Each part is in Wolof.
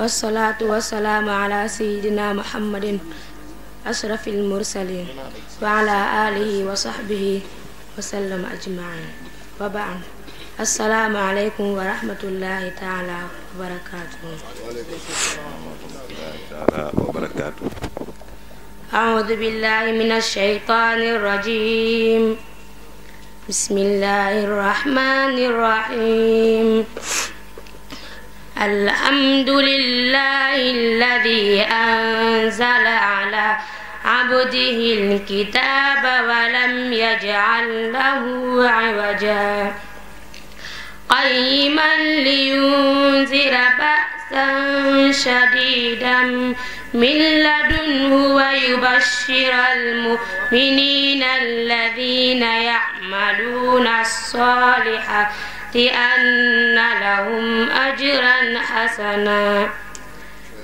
wasalaatu wasalaamu ala sayidina muhammadin ashrafil mursalin wa ala alihi wa sahbihi wa sallam ajmain wa baan assalaamu aleykum wa rahmatullahi taala wa barakaatuhu audu billahi min ashaytani rajim bismillahi rahmani rahim الحمد لله الذي أنزل على عبده الكتاب ولم يجعل له عوجا قيما لينذر بأسا شديدا من لدنه ويبشر المؤمنين الذين يعملون الصالحات لأن لهم أجرا حسنا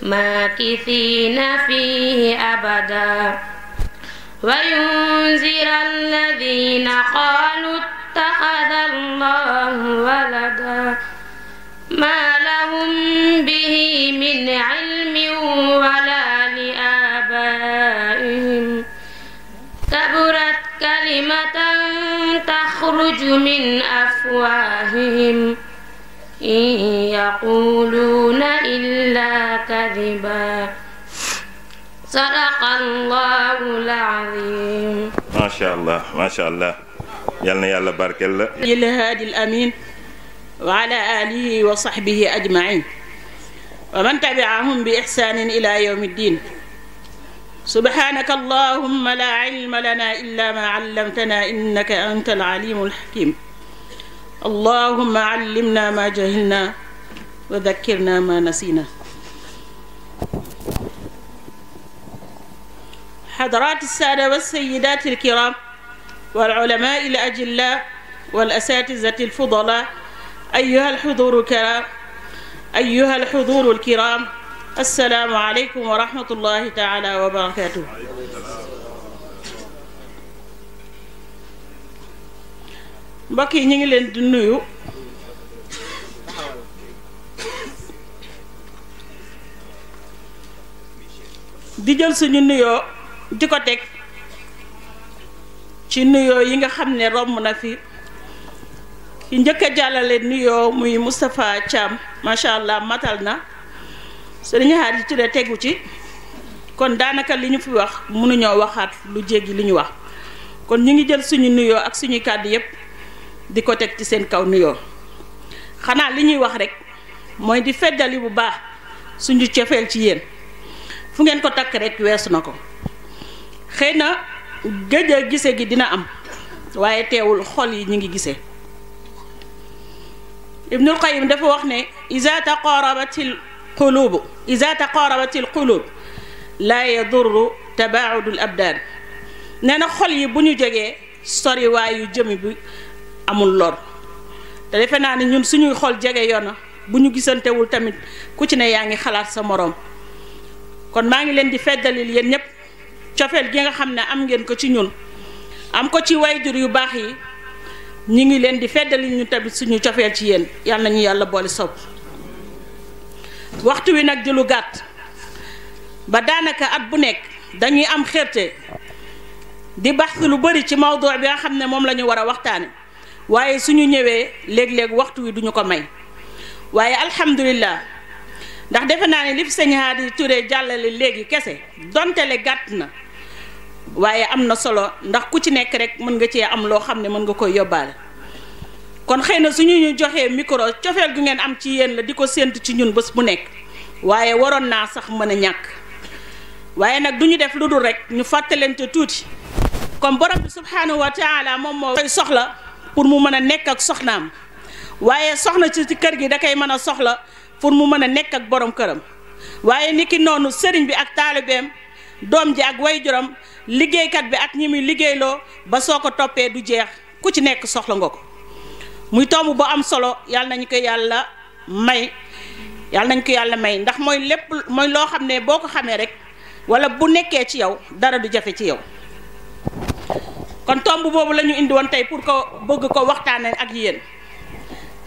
ماكثين فيه أبدا وينذر الذين قالوا اتخذ الله ولدا ما لهم به من علم ولا لآبائهم كبرت كلمة تخرج من أفواههم إن يقولون إلا كذبا صدق الله العظيم ما شاء الله ما شاء الله يالنا يالا بارك الله الهادي الأمين وعلى آله وصحبه أجمعين ومن تبعهم بإحسان إلى يوم الدين subhanaka allahumma la ilma lana illa ma allamtana innaka anta alalimu alhakim allahumma allimna ma jahilna wa dhakkirna ma nasina حضرات السادة والسيدات الكرام والعلماء الأجلاء والأساتذة الفضلاء أيها الحضور الكرام أيها الحضور الكرام asalaamualeykum wa rahmatullahi taala wa barakaatu. mbokk yi ñu ngi leen di nuyu di jël suñu nuyoo di ko teg ci nuyoo yi nga xam ne romb na fi ki njëkk a jàllale nuyoo muy Moustapha Thiam macha allah matal na. sëriñ Hadj Touré tegu ci kon daanaka li ñu fi wax mënuñoo waxaat lu jéggi li ñu wax kon ñu ngi jël suñu nuyoo ak suñu kàddu yépp di ko teg ci seen kaw nuyoo xanaa li ñuy wax rek mooy di feddali bu baax suñu cofeel ci yéen fu ngeen ko takk rekk weesu na ko xëy na gëja gise gi dina am waaye teewul xol yi ñu ngi gisee Ibnul Qayyim dafa wax ne iza taqarabatil quluubu ida taqarabat il quluub laa yadurru tabaudul abdaan nee na xol yi bu ñu jógee soriwaayu jëmi bi amul lor te defe naa ne ñun suñuy xol jege yoon bu ñu gisantewul tamit ku ci ne yaa ngi xalaat sa moroom kon maa ngi leen di feddalil yéen ñëpp cofeel gi nga xam ne am ngeen ko ci ñun am ko ci jur yu baax yi ñu ngi leen di feddalil ñu tamit suñu cofeel ci yéen yàlla nañu yàlla boole sopp waxtu wi nag di lu gàtt ba daanaka at bu nekk dañuy am xerte di baax lu bari ci mawduu bi nga xam ne moom la ñu war a waxtaane waaye suñu ñëwee léeg-léeg waxtu wi duñu ko may waaye alhamdulillah ndax defe naa ne li fi sëñ Haadi jàllale léegi kese dontele gàtt na waaye am na solo ndax ku ci nekk rek mën nga cee am loo xam ne mën nga koy yóbbaale kon xëy na su ñu joxee micro cofeel gu ngeen am ci yéen la di ko séentu ci ñun bés bu nekk waaye waroon naa sax mën a ñàkk waaye nag du ñu def lu dul rek ñu fàttalante tuuti comme borom bi subhaanahu wa taala moom moo koy soxla pour mu mën a nekk ak soxnaam waaye soxna ci ci kër gi da koy mën a soxla pour mu mën a nekk ak borom këram waaye niki noonu sëriñ bi ak taalibeem doom ji ak wayjuram liggéeykat bi ak ñi muy liggéeyloo ba soo ko toppee du jeex ku ci nekk soxla nga ko muy tomb bu am solo yàlla nañu ko yàlla may yàlla nañ ko yàlla may ndax mooy lépp mooy loo xam ne boo ko xamee rek wala bu nekkee ci yow dara du jafe ci yow kon tomb boobu la ñu indi woon tey pour ko bëgg ko waxtaanee ak yéen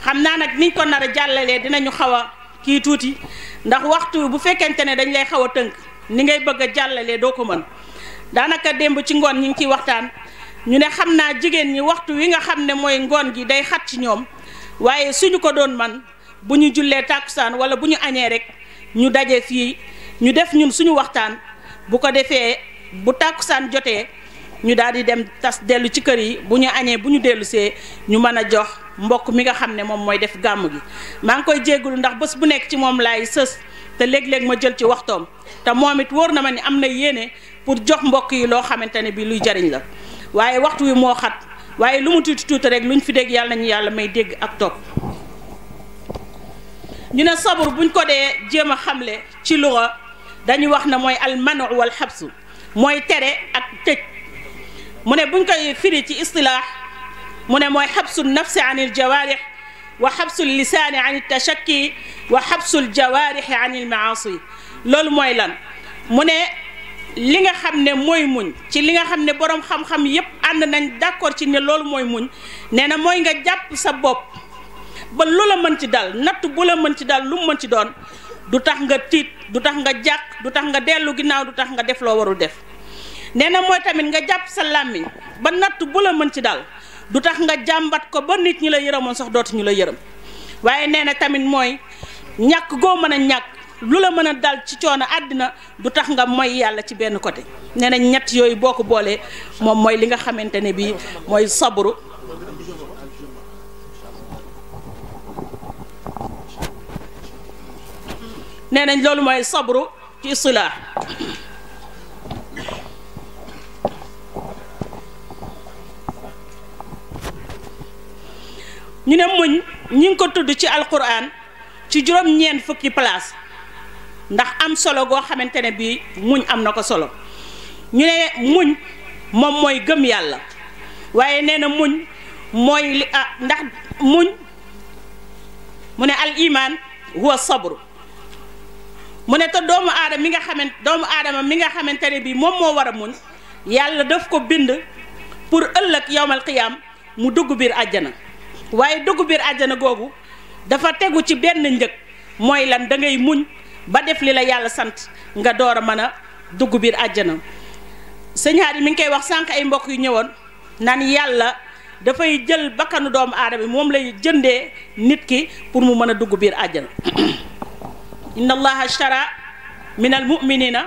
xam naa nag niñ ko nar a jàllalee dinañu xaw a kii tuuti ndax waxtu bu fekkente ne dañ lay xaw a tënk ni ngay bëgg a jàllalee doo ko mën daanaka démb ci ngoon ñu ngi ciy waxtaan ñu ne xam naa jigéen ñi waxtu wi nga xam ne mooy ngoon gi day xat ci ñoom waaye suñu ko doon man bu ñu jullee tàkkusaan wala bu ñu añee rek ñu daje fii ñu def ñun suñu waxtaan bu ko defee bu tàkkusaan jotee ñu daal di dem tas dellu ci kër yi bu ñu añee bu ñu dellusee ñu mën a jox mbokk mi nga xam ne moom mooy def gàmm gi maa ngi koy jéggulu ndax bés bu nekk ci moom laay sës te léeg-léeg ma jël ci waxtoom te moom it woor na ma ni am na yéene pour jox mbokk yi loo xamante ne bi luy jariñ la waaye waxtu wi moo xat waaye lu mu tuuti tuuti rek luñ fi dégg yàlla nañu yàlla may dégg ak topp ñu ne sabur buñ ko dee jéem a xamle ci luxa dañuy wax ne mooy almanu wal xabsu mooy tere ak tëj mu ne buñ koy firi ci istilaax mu ne mooy xabsu nafsi an il jawaarix wa xabsu lisaani an il tashakki wa xabsu ljawaarixi an il loolu mooy lan mu ne li nga xam ne mooy muñ ci li nga xam ne boroom xam-xam yépp ànd nañ d'accord ci ne loolu mooy muñ nee na mooy nga jàpp sa bopp ba lu la mën ci dal natt bu la mën ci dal lu mu mën ci doon du tax nga tiit du tax nga jàq du tax nga dellu ginnaaw du tax nga def loo warul def nee na mooy tamit nga jàpp sa làmmiñ ba natt bu mën ci dal du tax nga jàmbat ko ba nit ñi la yërëmoon sax dootu ñu la yërëm waaye nee na tamit mooy ñàkk goo mën a ñàkk lu la mën a dal ci coono àddina du tax nga mooy yàlla ci benn côté nee nañ ñett yooyu boo ko boolee moom mooy li nga xamante ne bii mooy sabru nee nañ loolu mooy sabru ci istilaah ñu ne muñ ñi ko tudd ci alquran ci juróom-ñeent fukki place ndax am solo goo xamante ne bii muñ am na ko solo ñu ne muñ moom mooy gëm yàlla waaye nee na muñ mooy li ah ndax muñ mu ne al iman huwa sabru mu ne te doomu aadama mi nga xamante doomu aadama mi nga xamante ne bii moom moo war a muñ yàlla daf ko bind pour ëllëg yowmal qiyaam mu dugg biir àjjana waaye dugg biir àjjana googu dafa tegu ci benn njëg mooy lan da muñ ba def li la yàlla sant nga door a mën a dugg biir àjjana señaar yi mi ngi koy wax sànq ay mbokk yu ñëwoon naan yàlla dafay jël bakkanu doomu aadama moom lay jëndee nit ki pour mu mën a dugg biir àjjana inna allaha ashtara min al muminina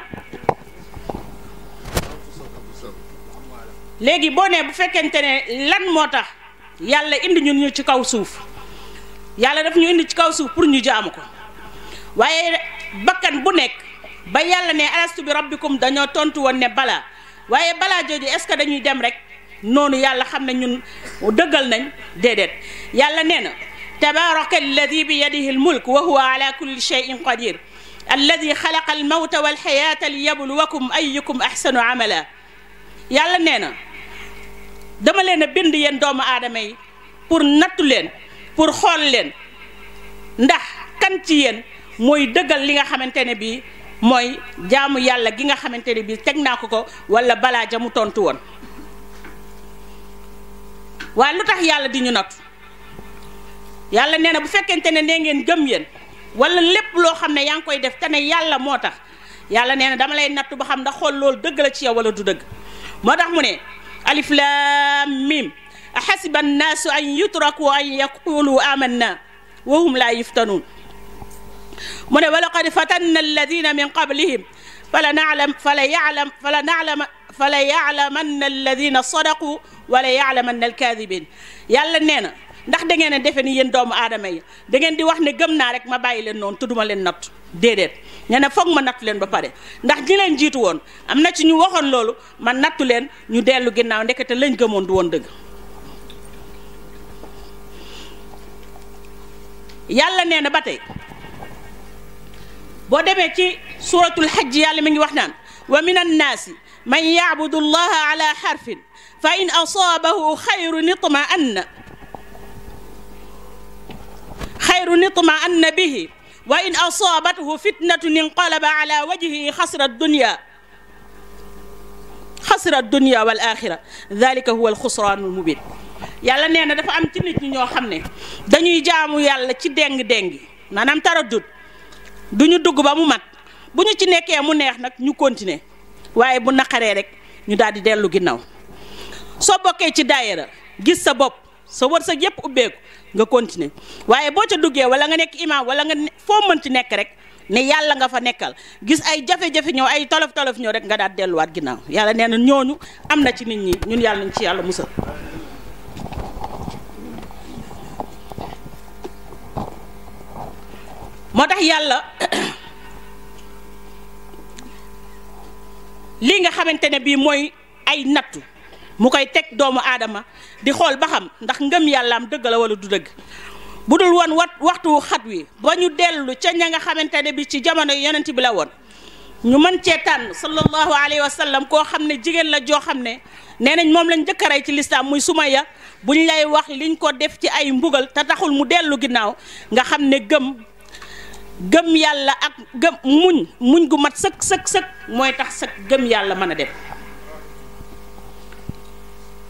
léegi boo nee bu fekkente ne lan moo tax yàlla indi ñun ñu ci kaw suuf yàlla daf ñu indi ci kaw suuf pour ñu jaamu ko waaye bakkan bu nekk ba yàlla ne alestu bi rabbikum dañoo tontu woon ne balaa waaye balaa jooju est-ce que dañuy dem rek noonu yàlla xam na ñun dëggal nañ déedéet yàlla nee na tabaraka alladi bi yadihi almulk wa huwa ala kulli cheyin qadir alladi xalaqa almawta walxayaata liyabluwakum ayukum axsanu amala yàlla nee na dama leen bind yéen doomu aadama yi pour nattu leen pour xool leen ndax kan ci mooy dëggal li nga xamante ne bii mooy jaamu yàlla gi nga xamante ne bii teg naa ko ko wala balaa jamu tontu woon waaye lu tax yàlla di ñu natt yàlla nee na bu fekkente ne nee ngeen jëm yéen wala lépp loo xam ne yaa ngi koy def te ne yàlla moo tax yàlla nee na dama lay natt ba xam ndax xool loolu dëgg la ci yow wala du dëgg moo tax mu ne alif laam mim ahasiba annaasu an yutraku an yaqulu amanna wa hum laa yuftanuun mu ne walaqad fatanna alladina min qablihim fala nalam fala yalam fala nalam fala yaalamanna alladina sadaqu wala yaalamanna alkaadibin yàlla nee na ndax da ngeen a defe ni yéen doomu aadama yi da ngeen di wax ne gëm naa rek ma bàyyi leen noonu tudduma leen natt déedéet nee na foog ma nattu leen ba pare ndax ñi leen jiitu woon am na ci ñu waxoon loolu ma nattu leen ñu dellu ginnaaw ndekete lañ gëmoon du woon dëgg yàlla nee na ba tey boo demee ci suratul xajj yàlla mi ngi wax naan wa min annaasi man yacbudu allaha ala xarfin fa in asaabahu xayrun itma anna xayrun itma anna bihi wa in asaabathu fitnatun inqalaba ala wajhihi xasra dunya xasra dunya wal axira dalika huwa alxusraanu almubin yàlla nee na dafa am ci nit ñi ñoo xam ne dañuy jaamu yàlla ci déng-déng maanaam taraddud du ñu dugg ba mu mat bu ñu ci nekkee mu neex nag ñu continuer waaye bu naqaree rek ñu daal di dellu ginnaaw soo bokkee ci daayira gis sa bopp sa wërsëg yëpp ubbeeku nga continuer waaye boo ca duggee wala nga nekk imaam wala nga foo ci nekk rek ne yàlla nga fa nekkal gis ay jafe-jafe ñëw ay tolof tolof ñëw rek nga daal delluwaat ginnaaw yàlla nee na ñooñu am na ci nit ñi ñun yàlla nañ ci yàlla musal moo tax yàlla lii nga xamante ne bii mooy ay nattu mu koy teg doomu aadama di xool ba xam ndax ngëm yàlla yàllaam dëgg la wala du dëgg bu dul woon wat waxtu xat wi ba ñu dellu ca ña nga xamante ne bi ci jamono yonent bi la woon ñu mën cee tànn sallallahu alayhi wa sallam koo xam ne jigéen la joo xam ne nee nañ moom lañ njëkk a rey ci lislaam muy Sumayya bu ñu lay wax liñ ko def ci ay mbugal te taxul mu dellu ginnaaw nga xam ne gëm gëm yàlla ak gëm muñ muñ gu mat sëkk sëkk sëkk mooy tax sëkk gëm yàlla mën a dem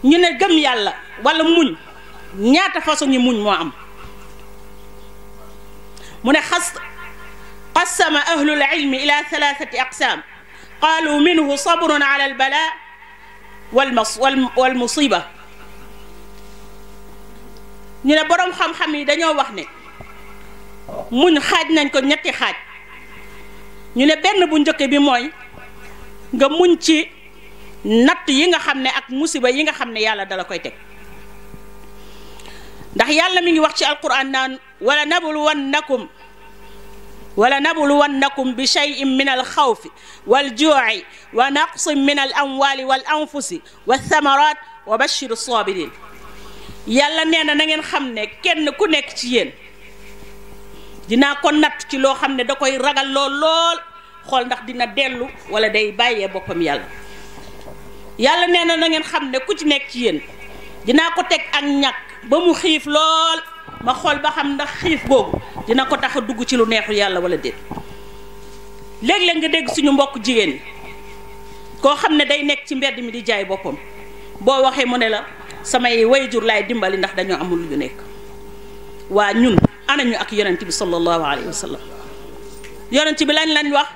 ñu ne gëm yàlla walla muñ ñaata façon yi muñ moo am mu ne xas qasama ahlul ilmi ila thalathati aqsam qaalu minhu sabrun ala al bala wal musiba ñu ne boroom xam-xam yi dañoo wax ne muñ xaaj nañ ko ñetti xaaj ñu ne benn bu njëkk bi mooy nga muñ ci natt yi nga xam ne ak musiba yi nga xam ne yàlla dala koy teg ndax yàlla mi ngi wax ci alquran naan wala nabluwannakum wala nabluwannakum bi shay'in min al xawfi wal juuci wa naqsin min al amwali wal anfusi wa thamarat wa bashiru sabirin yàlla nee na na ngeen xam ne kenn ku nekk ci yéen dinaa ko natt ci loo xam ne da koy ragal lool lool xool ndax dina dellu wala day bàyyee boppam yàlla yàlla nee na na ngeen xam ne ku ci nekk ci yéen dinaa ko teg ak ñàkk ba mu xiif lool ma xool ba xam ndax xiif boobu dina ko tax a dugg ci lu neexu yàlla wala déet léeg-léeg nga dégg suñu mbokk jigéen ñi koo xam ne day nekk ci mbedd mi di jaay boppam boo waxee mu ne la samay way jur laay dimbali ndax dañoo amul lu ñu nekk waa ñun anañu ak yonent bi sallallahu alayhi wa sallam yonent bi lañ lañ wax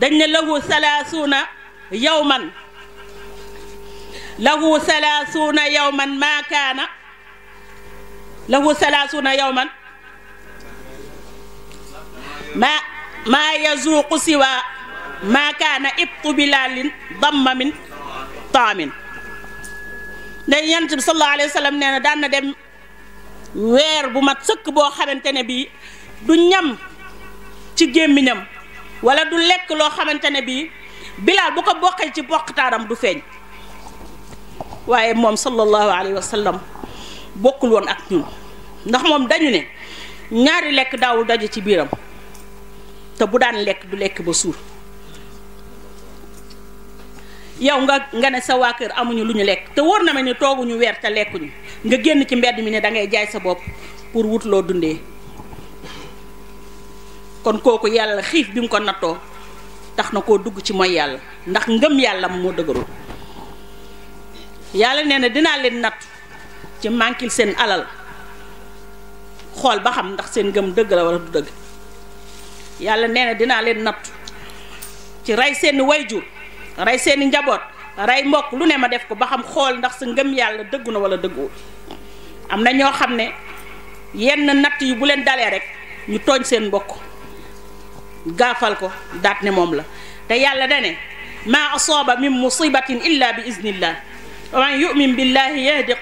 dañ ne lahu salaasuuna yawman lahu salaasuuna yawman maa kaana lahu salaasuuna yawman maa maa yazuuqu siwaa maa kaana ibtu bilaalin damma min taamin ne yonent bi sallallahu alayhi wa sallam nee na daan na dem weer bu mat sëkk boo xamante ne bii du ñam ci gémmiñam wala du lekk loo xamante ne bii bilaal bu ko boqee ci boqtaaram du feeñ waaye moom sallallahu alayhi wa bokkul woon ak ñun ndax moom dañu ne ñaari lekk daawul daje ci biiram te bu daan lekk du lekk ba suur yow nga nga ne sa waa kër amuñu lu ñu lekk te wóor na ma ne tooguñu weer ca lekkuñu nga génn ci mbedd mi ne dangay ngay jaay sa bopp pour wut loo dundee kon kooku yàlla xiif bi mu ko nattoo tax na koo dugg ci mooy yàlla ndax ngëm yàlla moo dëgërul yàlla nee na dinaa leen natt ci mànkil seen alal xool ba xam ndax seen ngëm dëgg la wala du dëgg yàlla nee na dinaa leen natt ci rey seen wayjur rey seeni njaboot rey mbokk lu ne ma def ko ba xam xool ndax sa ngëm yàlla dëggu na wala dëggu am na ñoo xam ne yenn natt yu bu leen dalee rek ñu tooñ seen mbokk gaafal ko daat ne moom la te yàlla da ne maa asooba min illa bi iznillah wa man yumin billahi yahdi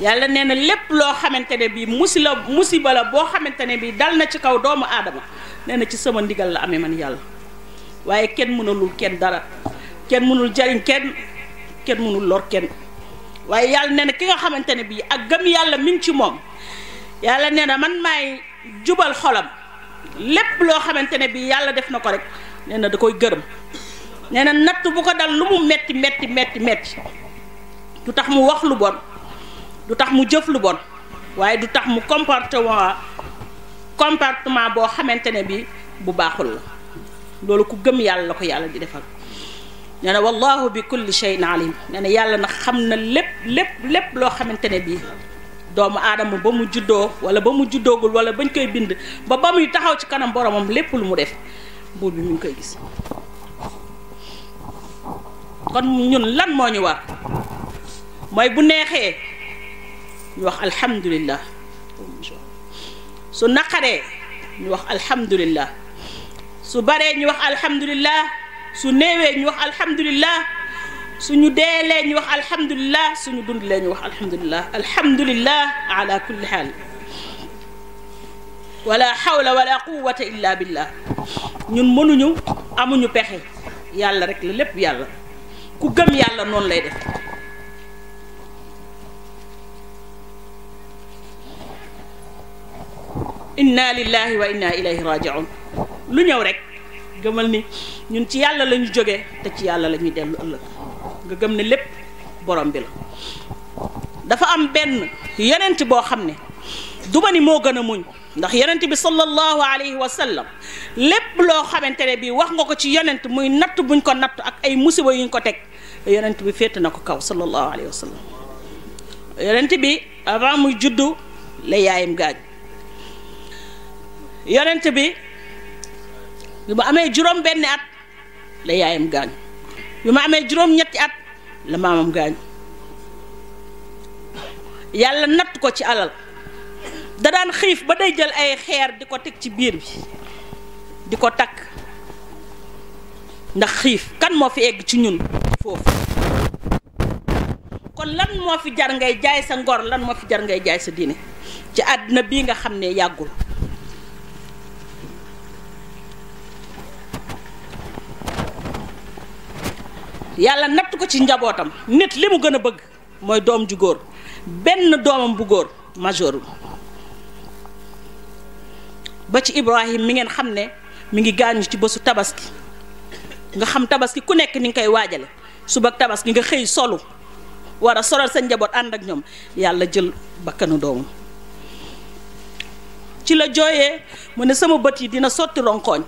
yàlla nee na lépp loo xamante ne bii musila musiba la boo xamante ne bii dal na ci kaw doomu aadama nee na ci sama ndigal la amee man yàlla waaye kenn mënul kenn dara kenn mënul jariñ kenn kenn mënul lor kenn waaye yàlla nee na ki nga xamante ne bii ak gëm yàlla mi ngi ci moom yàlla nee na man maay jubal xolam lépp loo xamante ne bii yàlla def na ko rek nee na da koy gërëm nee na natt bu ko dal lu mu metti metti metti metti du tax mu wax lu bon du tax mu jëf lu bon waaye du tax mu comportement comportement boo xamante ne bii bu baaxul la loolu ku gëm yàlla la ko yàlla di defal nee na wallahu bi kulli shay'in alim ne na yàlla nag xam na lépp lépp lépp loo xamante ne bii doomu aadama ba mu juddoo wala ba mu juddoogul wala bañ koy bind ba ba muy taxaw ci kanam boromam lépp lu mu def buur bi mu ngi koy gis kon ñun lan moo ñu war mooy bu neexee ñu wax alhamdulillah su naqaree ñu wax alhamdulillah su baree ñu wax alhamdulilah su néewee ñu wax alhamdulilah suñu deelee ñu wax alhamdulilah suñu dundlee ñu wax alhamdulilah alhamdulilah ala kulli xaal wala xawla wala quwata illa billah ñun mënuñu amuñu pexe yàlla rek la lépp yàlla ku gëm yàlla noonu lay def inna lillahi wa inna ilayhi rajiun lu ñëw rek gëmal ni ñun ci yàlla la ñu jógee te ci yàlla la ñuy dellu ëllëg nga gëm ne lépp borom bi la dafa am benn yonent boo xam ne du ma ni moo gën a muñ ndax yonent bi sallallahu alayhi wa sallam lépp loo xamante ne bii wax nga ko ci yonent muy natt buñ ko natt ak ay musiba yuñ ko teg yonent bi féete na ko kaw sallallahu alayhi wa yonent bi avant muy juddu la yaayam gaañ yonent bi bi ma amee juróom benni at la yaayam gaañu bi ma amee juróom ñetti at la maamam gaañu yàlla natt ko ci alal da daan xiif ba day jël ay xeer di ko teg ci biir bi di ko takk ndax xiif kan moo fi egg ci ñun foofu kon lan moo fi jar ngay jaay sa ngor lan moo fi jar ngay jaay sa diine ci àddina bii nga xam ne yàggul yàlla natt ko ci njabootam nit li mu gën a bëgg mooy doom ju góor benn doomam bu góor majoru ba ci Ibrahim mi ngeen xam ne mi ngi gaañu ci bësu tabaski nga xam tabaski ku nekk ni nga koy waajale suba tabaski nga xëy solu war a solal sa njaboot ànd ak ñoom yàlla jël bakkanu doomam ci la jooyee mu ne sama bët yi dina sotti ronkooñ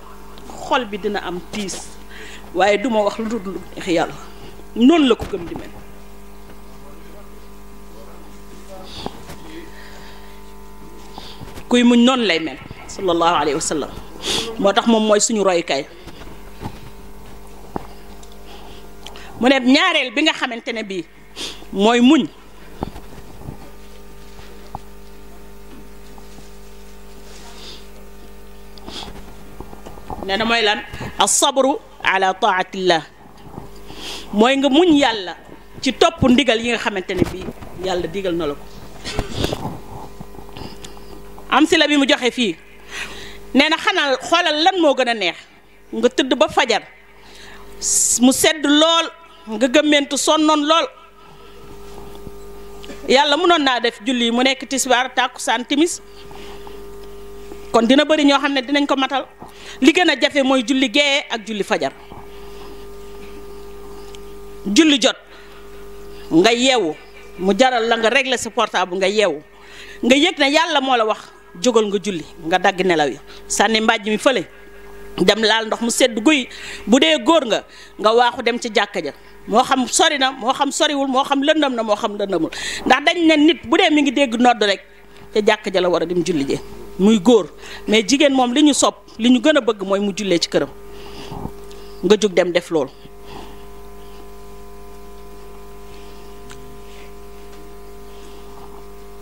xol bi dina am tiis waaye du ma wax lu dul neex yàlla noonu la ko gëm di mel kuy muñ noon lay mel sallallahu alayhi moo tax moom mooy suñu roykaay mu ne ñaareel bi nga xamante ne bii mooy muñ nee na mooy lan ak sabru ala taatillah mooy nga muñ yàlla ci topp ndigal yi nga xamante ne bii yàlla digal na la ko amsila bi mu joxe fii nee na xanaa xoolal lan moo gën a neex nga tëdd ba fajar mu sedd lool nga gëmmentu sonnoon lool yàlla mënoon naa def julli mu nekk tàkku tàkkusaan timis kon dina bari ñoo xam ne dinañ ko matal li gën a jafe mooy julli gee ak julli fajar julli jot nga yeewu mu jaral la nga régler sa portable nga yeewu nga yëg ne yàlla moo la wax jógal nga julli nga dagg nelaw yi sànni mbàjj mi fële dem laal ndox mu sedd guy bu dee góor nga nga waaxu dem ca jàkka ja moo xam sori na moo xam soriwul moo xam lëndëm na moo xam lëndëmul ndax dañ ne nit bu dee mi ngi dégg nodd rek te jàkka ja la war a dem julli jee muy góor mais jigéen moom li ñu sopp li ñu gën a bëgg mooy mu jullee ci këram nga jóg dem def loolu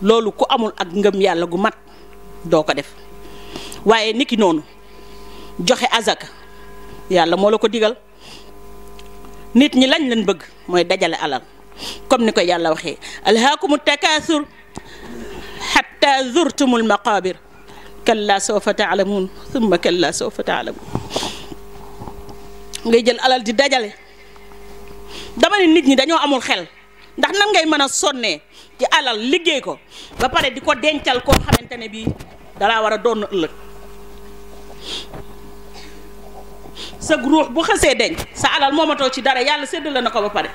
loolu ku amul ak ngëm yàlla gu mat doo ko def waaye niki noonu joxe azaka yàlla moo la ko digal nit ñi lañ leen bëgg mooy dajale alal comme ni ko yàlla waxee alhaakumu takaasur xatta zurtumul maqaabir kalla sawfa taalamuun summa kalla sawfa taalamuun ngay jël alal di dajale dama ne nit ñi dañoo amul xel ndax nan ngay mën a sonnee ci alal liggéey ko ba pare di ko dencal koo xamante ne bii dalaa war a doon ëllëg sa ruux bu xasee denc sa alal moomatoo ci dara yàlla séddale na ko ba pare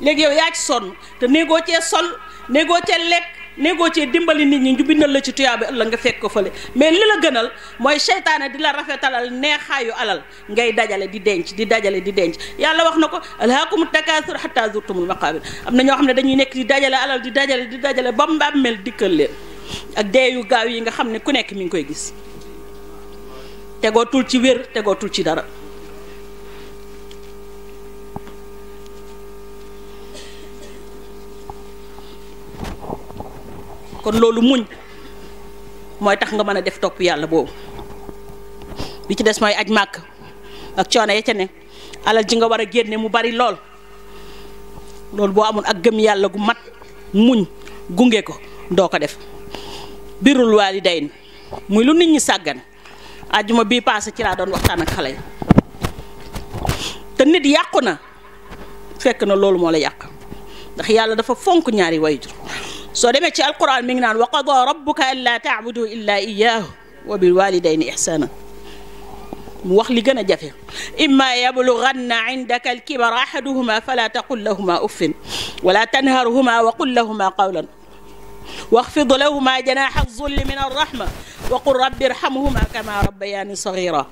léegi yow yaa sonn te néegoo cee sol néegoo cee lekk négocier dimbali nit ñi ñu bindal la ci tuyaaba ëllëg nga fekk ko fële mais li la gënal mooy seytaane di la rafetalal neexaayu alal ngay dajale di denc di dajale di denc yàlla wax na ko alhaakumu takaasur hatta zurtumul maqaabir am na ñoo xam ne dañuy nekk di dajale alal di dajale di dajale ba mbàmmeel dikkal leen ak dee yu gaaw yi nga xam ne ku nekk mi ngi koy gis tegootul ci wér tegootul ci dara kon loolu muñ mooy tax nga mën a def topp yàlla boobu bi ci des mooy aj màkk ak coono ya ca ne alal ji nga war a génne mu bari lool loolu boo amul ak gëm yàlla gu mat muñ gunge ko doo ko def birul waalidayn muy lu nit ñi sàggan àjjuma bii paase ci laa doon waxtaan ak xale yi te nit yàqu na fekk na loolu moo la yàq ndax yàlla dafa fonk ñaari wayjur soo demee ci alquran mi ngi naan wa qada rabbuka an laa taabudu illaa iyaahu wa bil walidayni ihsaanan mu wax li gën a jafe imma yablughanna indaka alkibara ahaduhuma fala taqul lahuma uffin wala tanharhuma wa qul lahuma qawlan waxfid lahuma janaha zulli min arrahma wa qul rabbi irhamhuma kama rabbayani saghira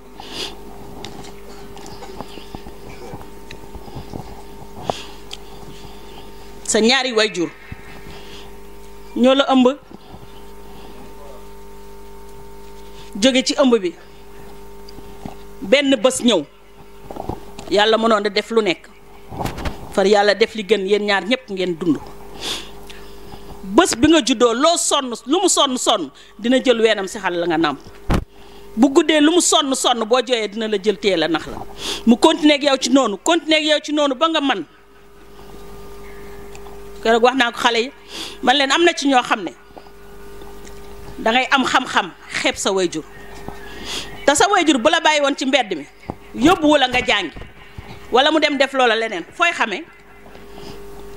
sa ñaari wayjur ñoo la ëmb jóge ci ëmb bi benn bés ñëw yàlla mënoon da def lu nekk far yàlla def li gën yéen ñaar ñëpp ngeen dund bés bi nga juddoo loo sonn lu mu sonn sonn dina jël weenam si xal la nga nàmp bu guddee lu mu sonn sonn boo jooyee dina la jël téye la nax la mu continuer yaw ci noonu continuer ak ci noonu ba nga man keroog wax naa ko xale yi man leen am na ci ñoo xam ne dangay am xam-xam xeeb sa wayjur te sa wayjur bu la bàyyi woon ci mbedd mi yóbbuwu la nga jàngi wala mu dem def loola leneen fooy xamee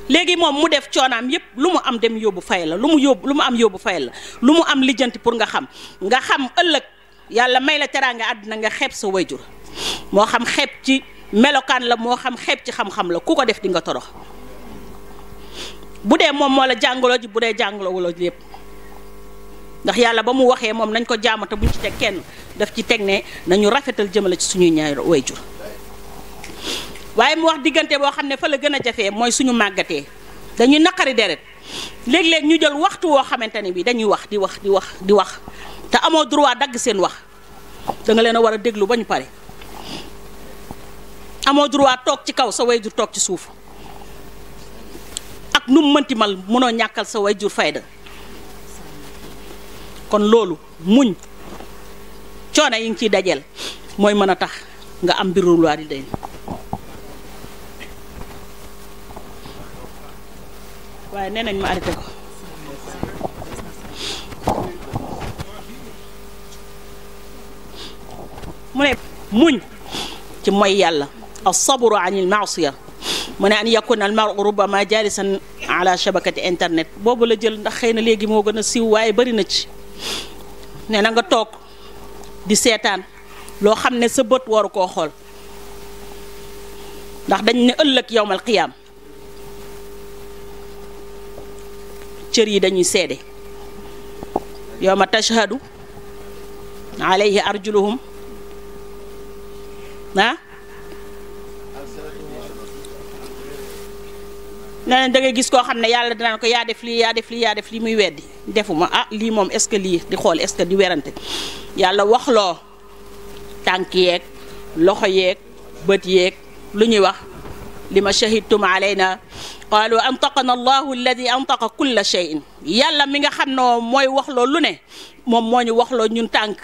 léegi moom mu def coonaam yépp lu mu am dem yóbbu fay la lu mu yóbbu lu mu am yóbbu fay la lu mu am lijjanti pour nga xam nga xam ëllëg yàlla may la teraanga àddina nga xeeb sa wayjur moo xam xeeb ci melokaan la moo xam xeeb ci xam-xam la ku ko def di nga torox bu dee moom moo la jàngaloo ji bu dee jàngalowuloo ji yëpp ndax yàlla ba mu waxee moom nañ ko jaamu te buñ ci teg kenn daf ci teg ne nañu rafetal jëmale ci suñuy ñaar wayjur waaye mu wax diggante boo xam ne fa la gën a jafee mooy suñu màggatee dañuy naqari deret léeg-léeg ñu jël waxtu woo xamante ne bi dañuy wax di wax di wax di wax te amoo droit dagg seen wax da leen a war a déglu ba ñu pare amoo droit toog ci kaw sa wayjur toog ci suuf ak nu mu mënti mal mënoo ñàkkal sa way jur fayda kon loolu muñ coono yi ngi ciy dajeel mooy mën a tax nga am birul waalidayni waaye nee nañ ma arrêté ko mu ne muñ ci mooy yàlla as sabru anil maasiya mu ne an yakuna al maru rubama jaalisan ala shabakati internet boobu la jël ndax xëy na léegi moo gën a siiw waaye bari na ci ne na nga toog di seetaan loo xam ne sa bët waru koo xool ndax dañ ne ëllëg yowmal qiyaam cër yi dañuy seede yowma tashhadu alayhi arjuluhum ah na leen da gis koo xam ne yàlla danaa ko yaa def lii yaa def lii yaa def lii muy weddi defuma ah lii moom est-ce que lii di xool est-ce que di werante yàlla waxloo tànk yeeg loxo yeeg bët yeeg lu ñuy wax li ma shahidtum naa qaalu antaqana allahu alladi antaqa kulla shay'in yàlla mi nga xam noo mooy waxloo lu ne moom moo ñu waxloo ñun tànk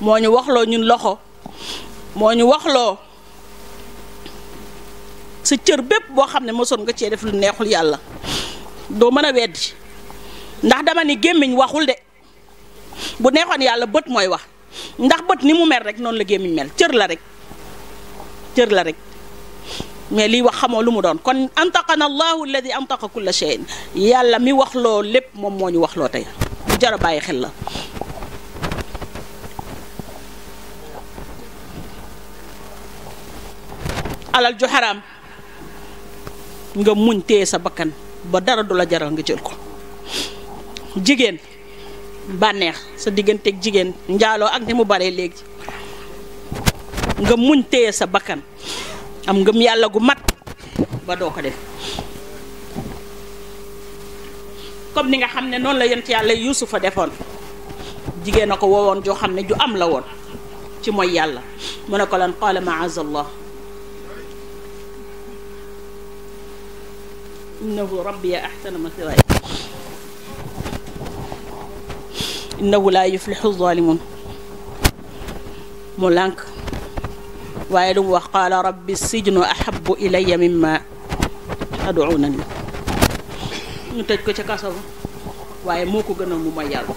moo ñu waxloo ñun loxo moo ñu waxloo sa cër bépp boo xam ne mosoon nga cee def lu neexul yàlla doo mën a weddi ndax dama ni gémmiñ waxul de bu neexoon yàlla bët mooy wax ndax bët ni mu mel rek noonu la gémmiñ mel cër la rek cër la rek mais liy wax xamoo lu mu doon kon antaqana allahu alladi antaqa yàlla mi wax loo lépp moom moo ñu wax loo tey lu jar la nga muñ téye sa bakkan ba dara du la jaral nga jël ko jigéen bànneex sa digganteeg jigéen njaaloo ak ni mu baree léegi nga muñ téye sa bakkan am ngëm yàlla gu mat ba doo ko def comme ni nga xam ne noonu la yent yàlla yuusufa defoon jigéen a ko wowoon joo xam ne ju am la woon ci mooy yàlla mu ne ko lan qaala maazallah innahu rabbi ahsana maswaaya innahu laa yuflixu zaalimun mu lànk waaye lu mu wax qaala rabbi sijnu ahabu ilaya mimma tad'uunani ñu tëj ko ca kaso waaye moo ko gënal mu mooy yàlla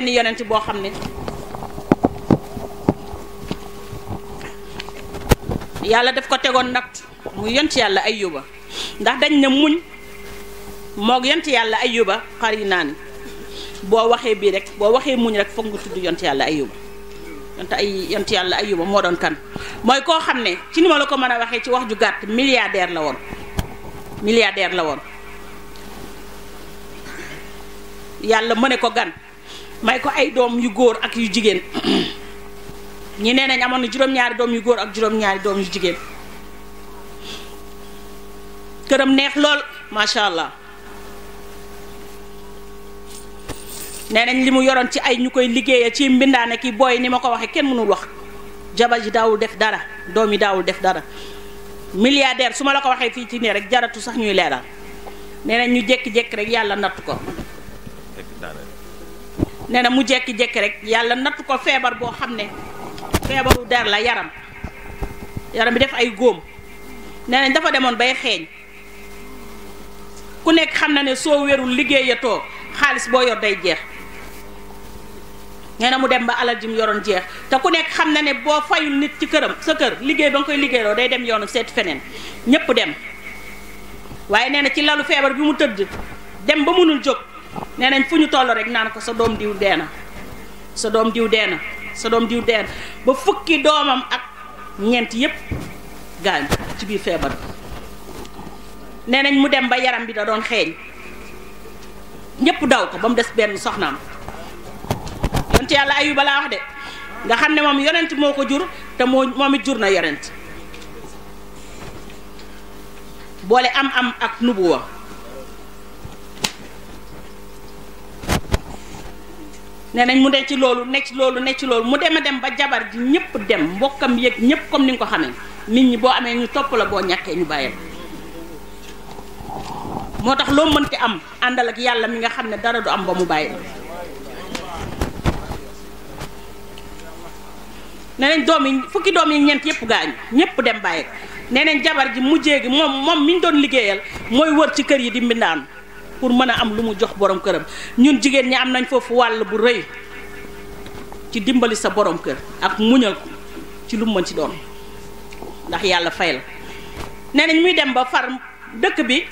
benn yonent boo xam ne yàlla def ko tegoon nag mu yont yàlla Ayyuba ndax dañ ne muñ moog yont yàlla Ayyuba xar yi naa ni boo waxee bii rek boo waxee muñ rek foog nga tudd yont yàlla Ayyuba yont ay yont yàlla Ayyuba moo doon kan mooy koo xam ne ci ni ma la ko mën a waxee ci wax ju gàtt milliardaire la woon milliardaire la woon yàlla mu ne ko gan may ko ay doom yu góor ak yu jigéen ñi nee nañ amoon na juróom-ñaari doom yu góor ak juróom-ñaari doom yu jigéen këram neex lool macha allah nee nañ li mu yoroon ci ay ñu koy liggéeyee ci mbindaane ki booy ni ma ko waxee kenn mënul wax jabar ji daawul def dara doom yi daawul def dara milliardaire su ma la ko waxee fii ci ne rek jaratu sax ñuy leeral nee ñu jékki-jékki rek yàlla natt ko nee na mu jekki-jekki rek yàlla natt ko feebar boo xam ne feebaru der la yaram yaram bi def ay góom nee nañ dafa demoon bay xeeñ ku nekk xam na ne soo wérul liggéeyatoo xaalis boo yor day jeex nee mu dem ba alal ji mu yoroon jeex te ku nekk xam na ne boo fayul nit ci këram sa kër liggéey ba nga koy liggéeyloo day dem yoonu seet feneen ñépp dem waaye nee na ci lalu feebar bi mu tëdd dem ba mënul jóg nee nañ fu ñu toll rek naan ko sa doom diw dee na sa doom diw dee na sa doom diw dee na ba fukki doomam ak ñeent yépp gaañ ci biir feebar bi nee nañ mu dem ba yaram bi da doon xeeñ ñépp daw ko ba mu des benn soxnaam yonent yàlla ayuba laa wax de nga xam ne moom yonent moo ko jur te moo moom it jur na yonent boole am am ak nubuwa nee nañ mu ne ci loolu ne ci loolu ne ci loolu mu dem dem ba jabar ji ñëpp dem mbokkam yëg ñëpp comme ni nga ko xamee nit ñi boo amee ñu topp la boo ñàkkee ñu bàyyil moo tax loo mënti am àndal ak yàlla mi nga xam ne dara du am ba mu bàyyi nee nañ doom yi fukki doom yi ñeent yëpp gaañu ñëpp dem bàyyi nee nañ jabar ji mu gi moom moom mi doon liggéeyal mooy wër ci kër yi di mbindaanu pour mën a am lu mu jox borom këram ñun jigéen ñi am nañ foofu wàll bu rëy ci dimbali sa borom kër ak muñal ko ci lu mu ci doon ndax yàlla fay la nee nañ muy dem ba far dëkk bi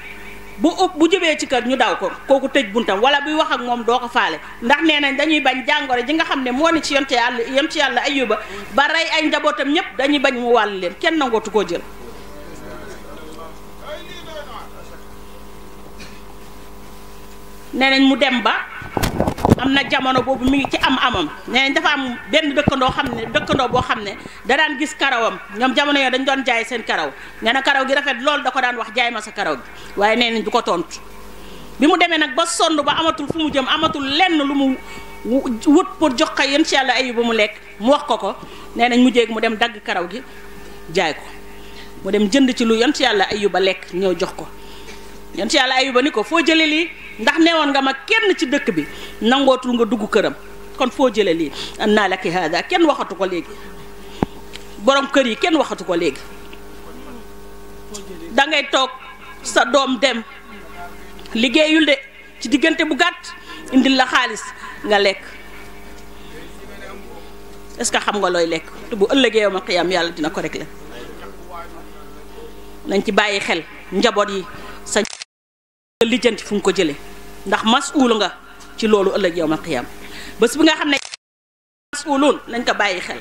bu ëpp bu jubee ci kër ñu daw ko kooku tëj buntam wala buy wax ak moom doo ko faale ndax nee nañ dañuy bañ jàngoro ji nga xam ne moo ni ci yonte yàlla yem ci yàlla ayuba ba ba rey ay njabootam ñëpp dañuy bañ mu wàll leen kenn nangootu koo jël nee nañ mu dem ba am na jamono boobu mi ngi ci am amam nee nañ dafa am benn dëkkandoo xam ne dëkkandoo boo xam ne da daan gis karawam ñoom jamono yooyu dañ doon jaay seen karaw nee na karaw gi rafet loolu da ko daan wax jaay ma sa karaw gi waaye nee nañ du ko tontu bi mu demee nag ba sonn ba amatul fu mu jëm amatul lenn lu mu wut pour jox ko yéen si yàlla ayu ba mu lekk mu wax ko ko nee nañ mu jéeg mu dem dagg karaw gi jaay ko mu dem jënd ci lu yont yàlla ayu ba lekk ñëw jox ko yan ci yàlla ayuba ni ko foo jëlee lii ndax neewoon nga ma kenn ci dëkk bi nangootul nga dugg këram kon foo jëlee lii an naa laki haada kenn waxatu ko léegi borom kër yi kenn waxatu ko léegi dangay toog sa doom dem liggéeyul de ci diggante bu gàtt indil la xaalis nga lekk est-ce que xam nga looy lekk te bu ëllëgee yow ma yàlla dina ko régler nañ ci bàyyi xel njaboot yi sañ lijjanti fu nga ko jëlee ndax mas'uul nga ci loolu ëllëg ma qiyaama bés bi nga xam ne mas'uuluun nañ ko bàyyi xel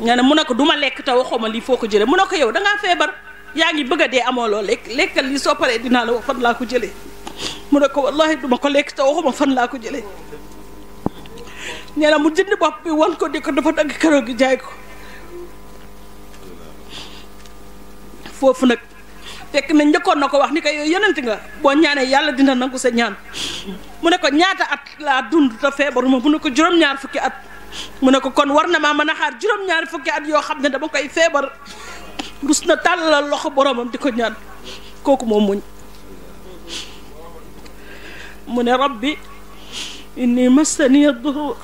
nga ne mu ne ko du ma lekk te waxoo ma lii foo ko jëlee mu ne ko yow dangaa feebar yaa ngi bëgg a dee amoo loo dinaa la wax fan laa ko jëlee mu ne ko wallahi duma ko lekk te waxuma fan laa ko jële nee mu jënd bopp bi wan ko di ko dafa dagg keroog gi jaay ko foofu nag fekk na njëkkoon na ko wax ni ko yooyu yonent nga boo ñaanee yàlla dina nangu sa ñaan mu ne ko ñaata at laa dund te feebaruma mu ne ko juróom-ñaar fukki at mu ne ko kon war na maa mën a xaar juróom-ñaari fukki at yoo xam ne dama koy feebar rus na tàllal loxo boromam di ko ñaan kooku moom muñ mu ne rab bi rabbi inni masaniya duru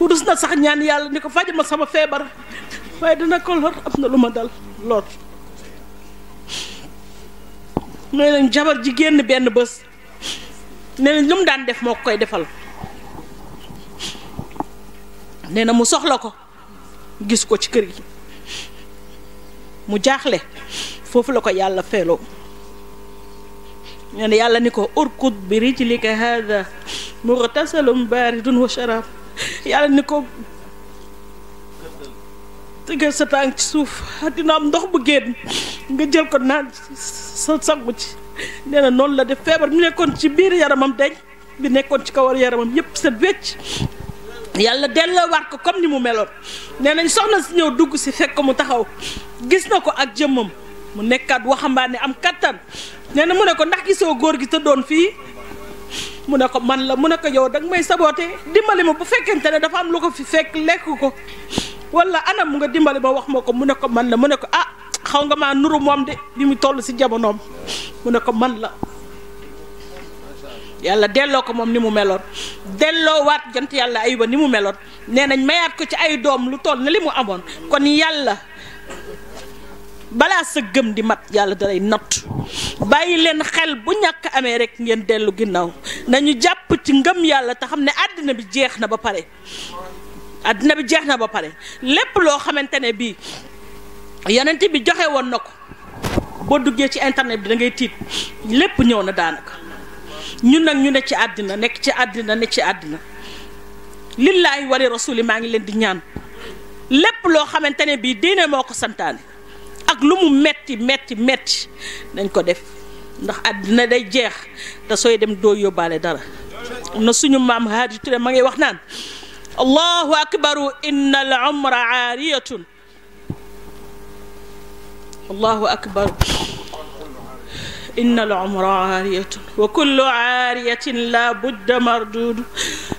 rus na sax ñaan yàlla ni ko faj ma sama feebar waaye dina ko lor am na lu ma dal lor ne leen jabar ji génn benn bés nee lu mu daan def moo koy defal ne na mu soxla ko gis ko ci kër gi mu jaaxle foofu la ko yàlla feeloo nee na yàlla ni ko urkud bi rijlika haada mugtasalun baaridun wa sharaab yàlla ni ko tegal sa tànk ci suuf dina am ndox bu génn nga jël ko naan sa sangu ci nee na noonu la def feebar mu nekkoon ci biir yaramam dañ bi nekkoon ci kawar yaramam yépp sa wecc yàlla delloowaat ko comme ni mu meloon nee nañ soxna si ñëw dugg si fekk ko mu taxaw gis na ko ak jëmmam mu nekkaat waxambaane am kattan nee na mu ne ko ndax gisoo góor gi te doon fii mu ne ko man la mu ne ko yow danga may saboote dimbali ma bu fekkente ne dafa am lu ko fi fekk lekk ko wala anam nga dimbali ba wax ma ko mu ne ko man la mu ne ko ah xaw nga maa nuru moom de bi mu toll si jamonoom mu ne ko man la yàlla delloo ko moom ni mu meloon delloowaat jant yàlla ayuba ni mu meloon nee nañ mayaat ko ci ay doom lu toll na li mu amoon kon yàlla balaa sa gëm di mat yàlla dalay natt bàyyi leen xel bu ñàkk amee rek ngeen dellu ginnaaw nañu jàpp ci ngëm yàlla te xam ne àddina bi jeex na ba pare àddina bi jeex na ba pare lépp loo xamante ne bii yonent bi joxe woon na ko boo duggee ci internet bi dangay ngay tiit lépp ñëw na daanaka ñun nag ñu ne ci àddina nekk ci àddina ne ci àddina lillaahi wali rasuli maa ngi leen di ñaan lépp loo xamante ne bii diine moo ko santaane ak lu mu metti metti metti nañ ko def ndax àddina day jeex te sooy dem doo yóbbaale dara na suñu maam Haadi Ture ma ngi wax naan allahu akbaru inna al umra aariyatun allahu akbaru inna al umra aariyatun wa kullu aariyatin la budda mardudu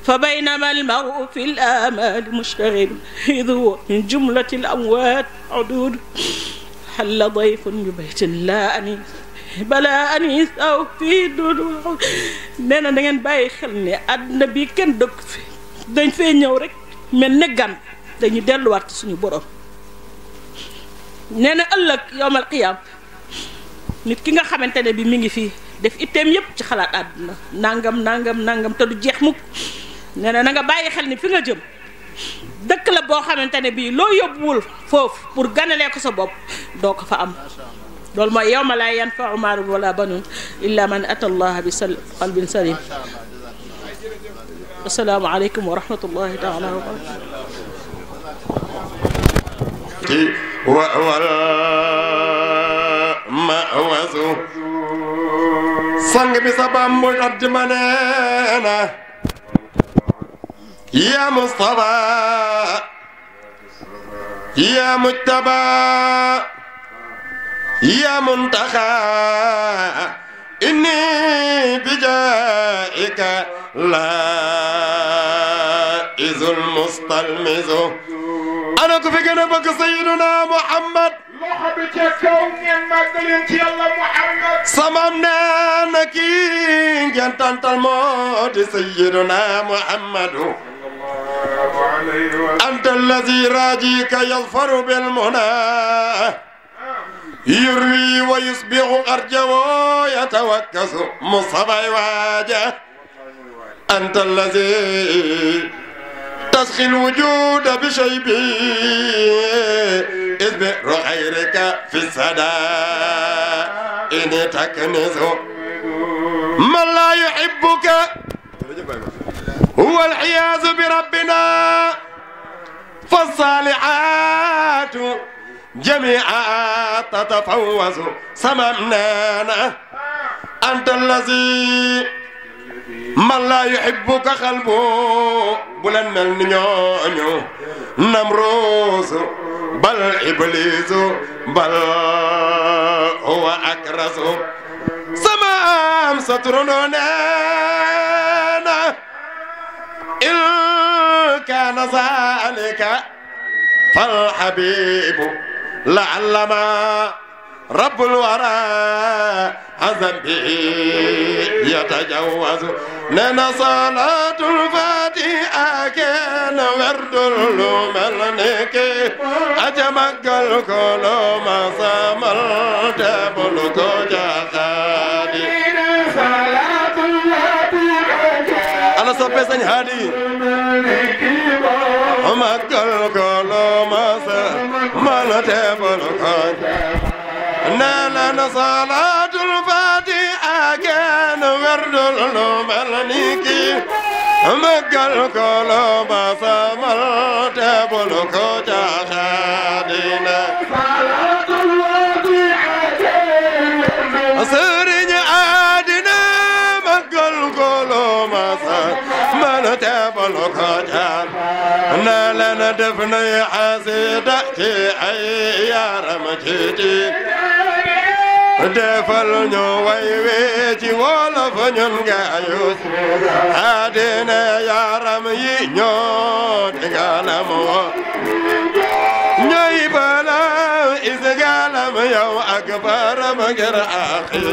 fa baynama al maru fi l amali mushtaghil id huwa min jumlati al amwaat ududu halla dayfun bi baytin la anis balaa anis aw fii duudu nee na da ngeen bàyyi xel ne àdduna bi kenn dëkk fi dañ fee ñëw rekk mel ne gan dañu delluwaat suñu borom nee na ëllëg yowmal qiyaam nit ki nga xamante ne bi mi ngi fii def itteem yépp ci xalaat àdduna nangam nangam nangam te du jeex mukk nee na na nga bàyyi xel ni fi nga jëm dëkk la boo xamante ne bii loo yóbbuwul foofu pour ganalee ko sa bopp doo ko fa am loolu mooy yawma laa yanfau maalun wala banuun illa man ata allaha bi qalbin salim asalaamaaleykum wa rahmatullahi taala wa barakatu sang bi sa bamboy at di ma neena yaa Mustafa yaa Mujtaba yaa Muntaxa إني بجائك لا إذ المستلمز أنا كفكنا بك سيدنا محمد samam neena kii ngeen tantal moo di sayyiduna muhammadu anta allazi raajika yalfaru bil munaa يروي ويصبغ أرجو يتوكس مصطفى واجه أنت الذي تسخي الوجود بشيبي إذ بئر خيرك في السدى إن تكنز من لا يحبك هو العياذ بربنا فالصالحات جميعا تتفوز سممنا أنت الذي من لا يحبك قلبه بلن النيون نمروز بل إبليس بل هو أكرس سمام سترنونا إن كان ذلك فالحبيب لعلما رب الورى عذبه يتجوز لنا صلاة الفاتحة كان ورد الملك أجمك القلوب صمرت بالكوجة صلاة الفاتحة أنا صبي سنهادي أمك مال تبل نالا صلاة الفاتحة كان ورد الملنيكي مقل قلوب سمر تبل كوتا nga def nuy xasida ci ay yaaram ci tiig defal ñu way wi ci wolof ñun nga ayus àddina yaaram yi ñoo di galam woo ñooy balam is galam yow ak baram ngir axi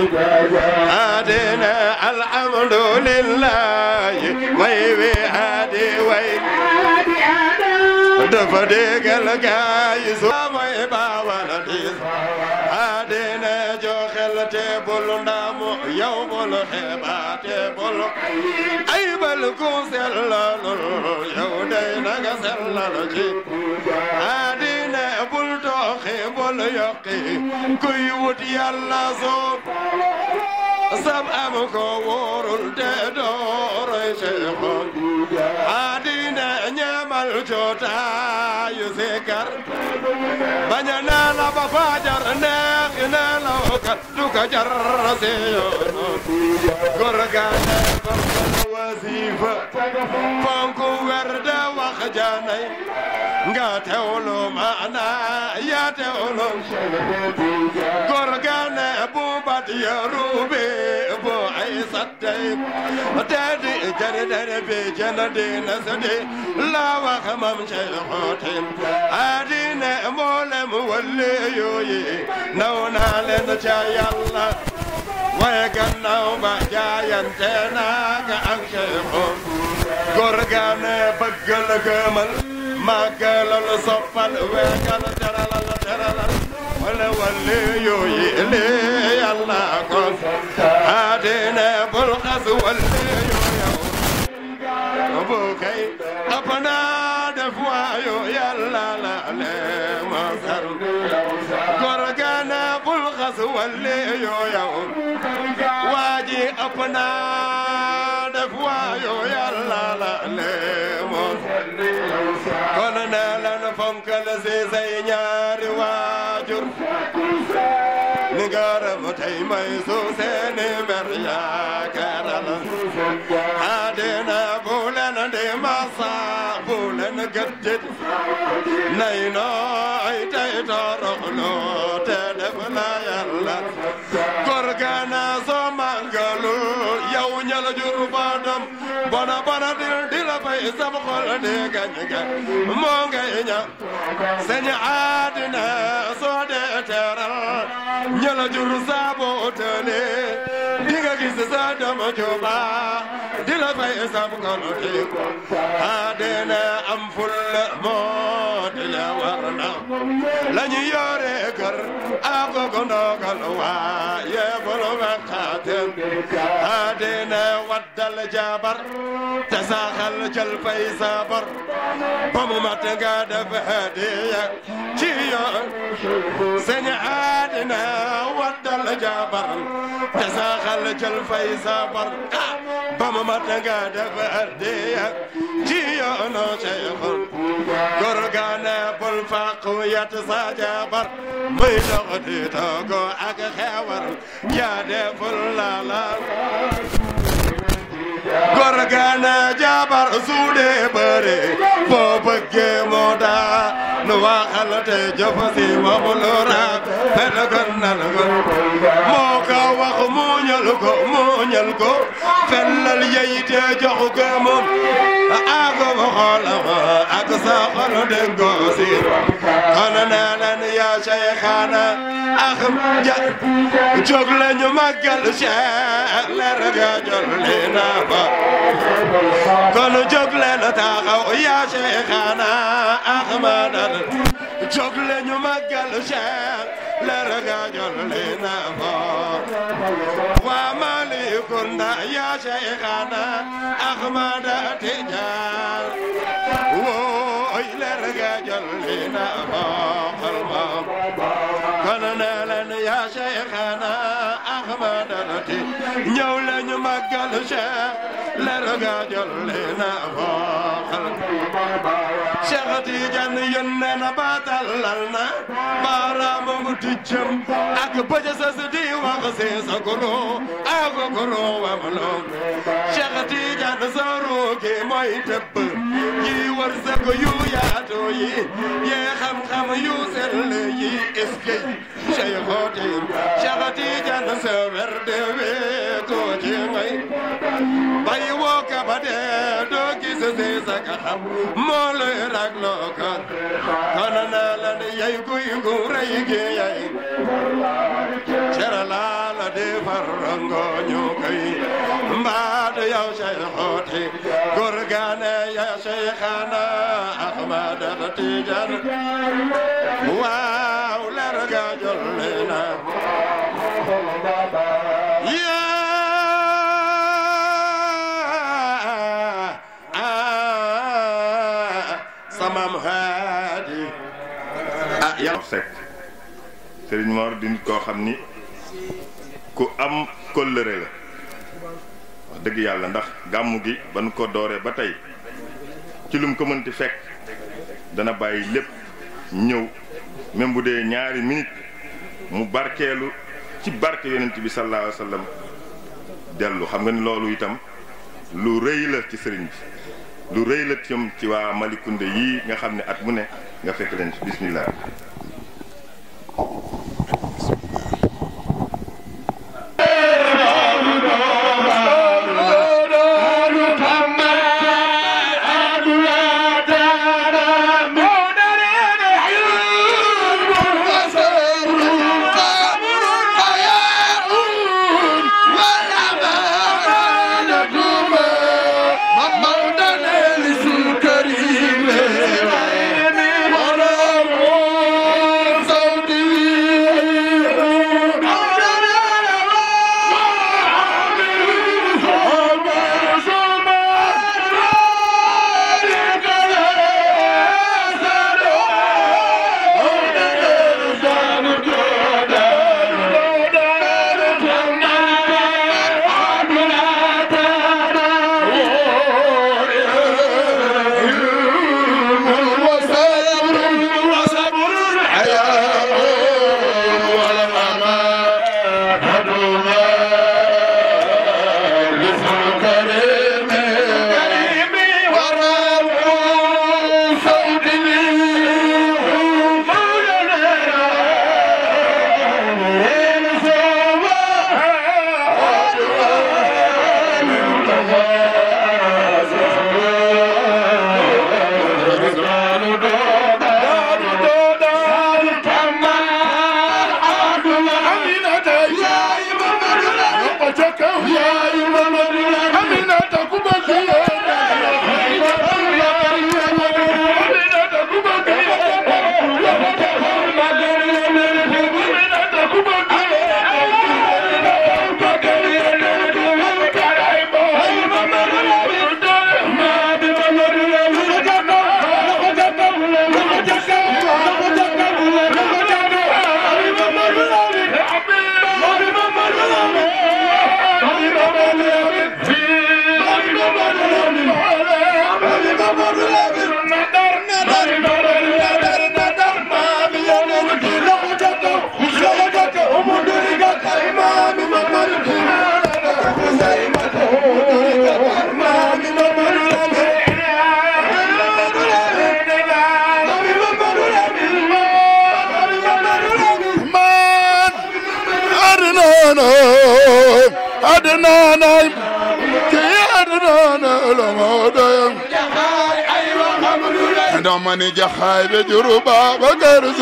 àddina alhamdulillahi way wi adi way dafa déggal gaay su may baawal diis àddina joxel te bul ndamu yow bul xeeba te bul ay bal ku sellalul yow day naga sellal ci àddina bul tooxi bul yokki kuy wut yàlla soob sab am ko wóorul te dooroy seyxoon amal jotaay yu sikar bañ a nelaw ba fajar neex i nelaw kat du ko jar si yoonu góor ga ne wasifa fonku werde wax janay nga teewlu maana ya teewlu gorgane bu bat yarube bo ay sattay tedi jare dare be janade nasade la wax mam cheikhotin adine molem walle yoyi nawna len ca yalla waaye gannaaw ba jaayante naa nga ak Seexoon góor ga ne bëgg la gëmal màggalal soppal weegal teralal teralal wala wala yooyu li yàlla ko àddina bul xas wala yooyu bu kay ëpp naa def waayu yàlla la lee ma kar góor ga ne bul xas wala jàpp naa def waayu yàlla la leemoon kon ne leen fonkal si say ñaari waajur ni gërëm tey may su seeni mer yaakaaral àddina bu leen di masa bu leen gëddit nay nooy tey toroxloo na bara dil dila bay sam xol de gañ ga moo ngay ña sëñ aadina soo de teral ña la jur saaboo tëne di nga gis sa dama jooba dila a sabgal xiikon aadena am ful moo di la war na la ñu yore kër agogo ndogal waa yebulu ma xaatem aadena waddal jabar te saaxal jël fay sabar ba mu mat nga def hadiya ci yoon sëñ aadena waddal jabar te saaxal jël fay sabar ba mu mat nga ga dafa addiya ci yoonu Seexul góor ga ne bul fàqu yat sa jabar muy dox di togo ak xewar yaa deful la la góor ga ne jabar su dee bëre boo bëggee moo daa waxalate jëf si waxul raam benn gën nan gën moo ko wax muuñal ko muuñal ko fennal yeyite jox ko moom ak waxoolam ak sa xol déggoo si kon nee leen yaa Cheikhana ak ja jóg la ñu màggal Cheikh leer ga jolli na fa kon jóg leen taxaw yaa Cheikhana ak ma jóg leen ñu màggal Cheikh leer ga jol leen ko waa Malicounda yaa Cheikhana Ahmada Tijaan wooy leer ga jol leen ko xalmam kon nee leen yaa Cheikhana Ahmada Tijaan ñëw leen ñu màggal Cheikh gaajal leen a fooxal Cheikh Tidiane yónnee na baatalal na baaraamu mu tijjam ak bëj sa si di wax si sa goro ak goro wam loom Cheikh Tidiane sa ruugi mooy tëbb yi wërsëg yu yi yee xam-xam yu sell yi eskey Cheikh Tidiane sa werde wee bàyyi woo ka ba dee doo gis see ka xam moo lay ragloo kan kon naa la ne yay guy gu rëy gi yay cere laa la di farrango ñu koy mbaadu yow say xooti gorgane ya say xana ahmad tijan waa Serigne Mor di nit koo xam ni ku am kóllëre la wax dëgg yàlla ndax gàmmu gi ba nu ko dooree ba tey ci lum ko mënti fekk dana bàyyi lépp ñëw même bu dee ñaari minute mu barkeelu ci barke yonent bi sallallahu alayhi wa sallam dellu xam nga ni loolu itam lu rëy la ci sëriñ bi lu rëy la tam ci waa Malicounda yii nga xam ne at mu ne nga fekk leen bismillah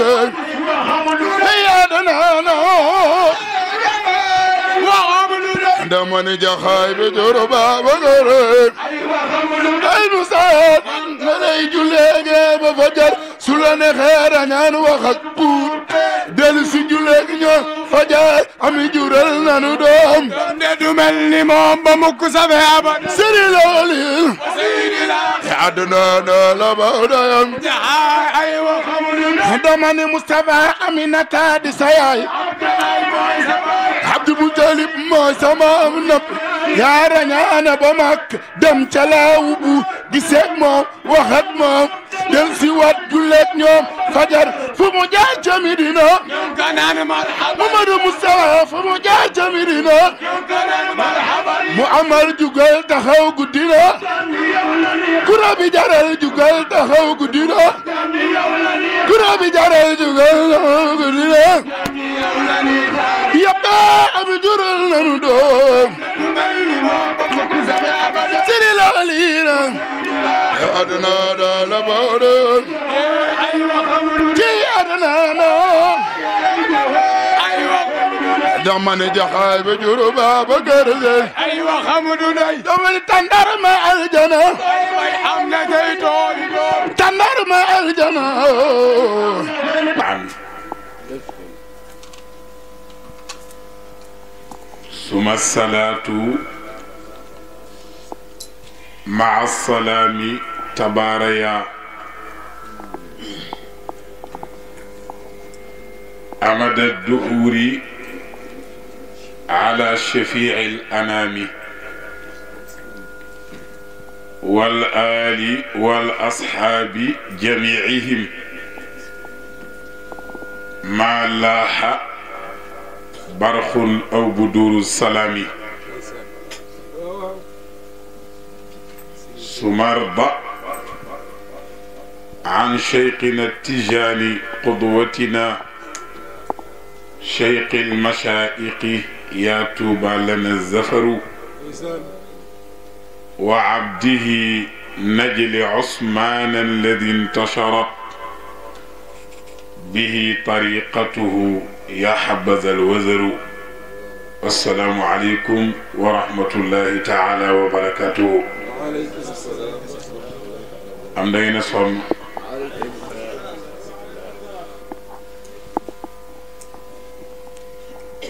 الحسين سيادنا دمن جخاي بجربا بغرب اي نسات نلي جولي بفجر سلن خير نان وخت بور دل سجولك ñoo fajaay ami jural nanu doom ne du mel ni moom ba mukk safe abad sëri looli ya aduna doo la baw doyam dama ni Moustapha Aminata di sa yaay Abdou Moutalib mooy sama am nëpp yaa rañaane ba mag dem ca bu giseeg moom wax ak moom del si wat julleeg ñoom fajar fu mu jaar ca mu jaar jugal taxaw guddina kura bi jaral jugal taxaw guddi na kura bi jaral jugal taxaw guddi na yabba am jural nanu doom siri la alina adna da la bawdon ki adna na ay wa dama ne jaxaay ba juruba ba kër sey ay wa xamudu nay dama ne tandar ma aljana ay am na day tool tandar ma aljana suma salaatu maa salaami tabaaraya amada duxuri ala shafiici l-anaami wal aali wal asxaabi jamiicihim maa laaxa barxun aw buduuru salaami sumarda an cheyqina tijaani qudwatina cheyqi lmashaaiqi yaa tuuba lana zafaru wa abdihi najli usmaana alladi intasharat bihi tariqatuhu yaa xabaza alwazaru assalaamu aleykum wa rahmatullahi taala wa barakatuhu am da ngeen a sonn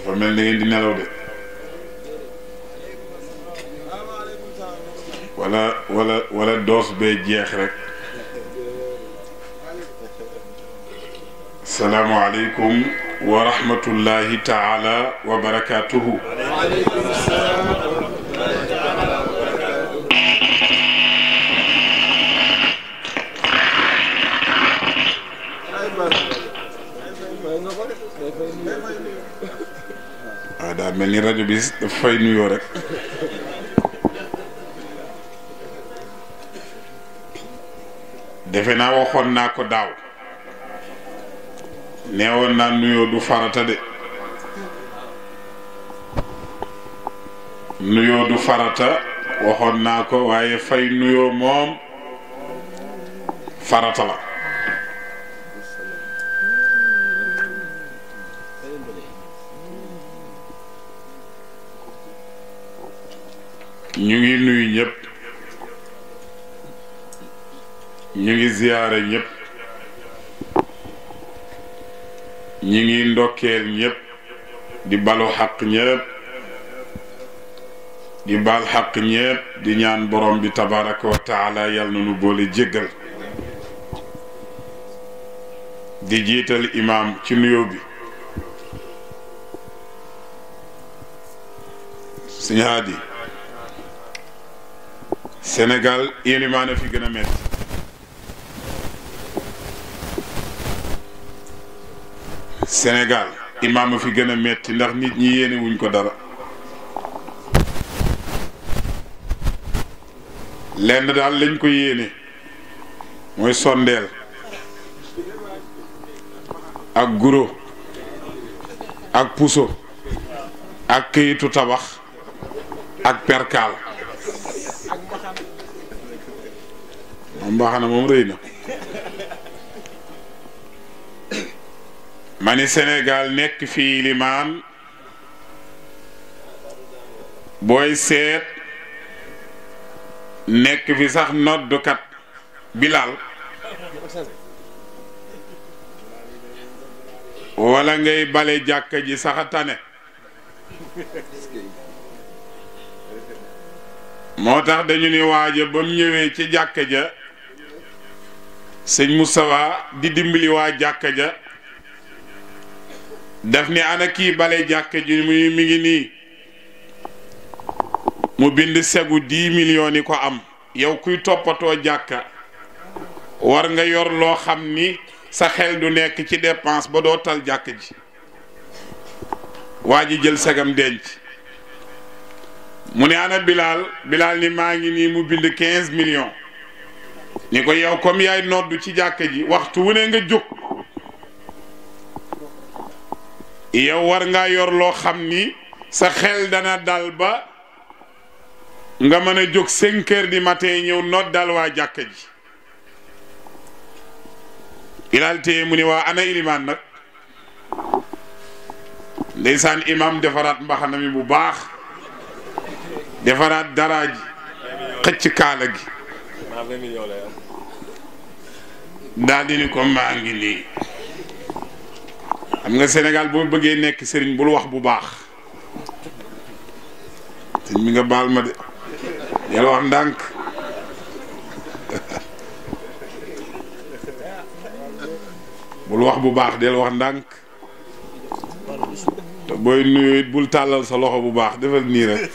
dafa mel ni ngeen di nelaw de wala wala doos bee jeex rek salaamaaleykum wa rahmatullahi taala wa barakaatuhu. daa mel ni rajo bi daf fay nuyoo defe naa waxoon naa ko daaw neewoon naa nuyoo du farata de nuyoo farata waxoon naa ko waaye fay nuyoo moom farata la ñu ngi nuyu ñëpp ñu ngi ziyaare ñëpp ñu ngi ndokkeel ñëpp di balu xaq ñëpp di baal xaq ñëpp di ñaan borom bi tabaraka wa taala yàlla nu boole jéggal di jiital imaam ci nuyoo bi siñaadi Sénégal yélimaane fi gën a metti Sénégal imaam fi gën a metti ndax nit ñi yéenewuñ ko dara lenn daal lañ ko yéene mooy sondeel ak guro ak puso ak këyitu tabax ak perkaal moom mbaxana moom rëy na ma ni nekk fi limaan booy seet nekk fi sax noddukat bilaal walla ngay bale jàkka ji sax a tane moo tax dañu ni waaja ba ñëwee ci jàkka ja sëñ Moustapha di dimbali waa jàkka ja daf ni ana kii bale jàkka ji muy mi ngi nii mu bind segu dix millions yi ko am yow kuy toppatoo jàkk war nga yor loo xam ni sa xel du nekk ci dépense ba doo tal jàkk ji waa ji jël segam denc mu ne ana Bilal Bilal ni maa ngi nii mu bind million ni ko yow comme yaay noddu ci jàkka ji waxtu wu ne nga jóg yow war nga yor loo xam ni sa xel dana dal ba nga mën a jóg cinq heures du matin ñëw noddal waa jàkka ji ilaal téye mu ni waa ana ilimaan nag ndeysaan imam defaraat mbaxana mi bu baax defaraat dara ji xëcc kaala gi daal di ni ko maa ngi nii xam nga Sénégal boo bëggee nekk sëriñ bul wax bu baax sëñ mi nga baal ma de yàlla wax ndànk bul wax bu baax del wax ndànk te booy nuyoo bul tàllal sa loxo bu baax defal nii rek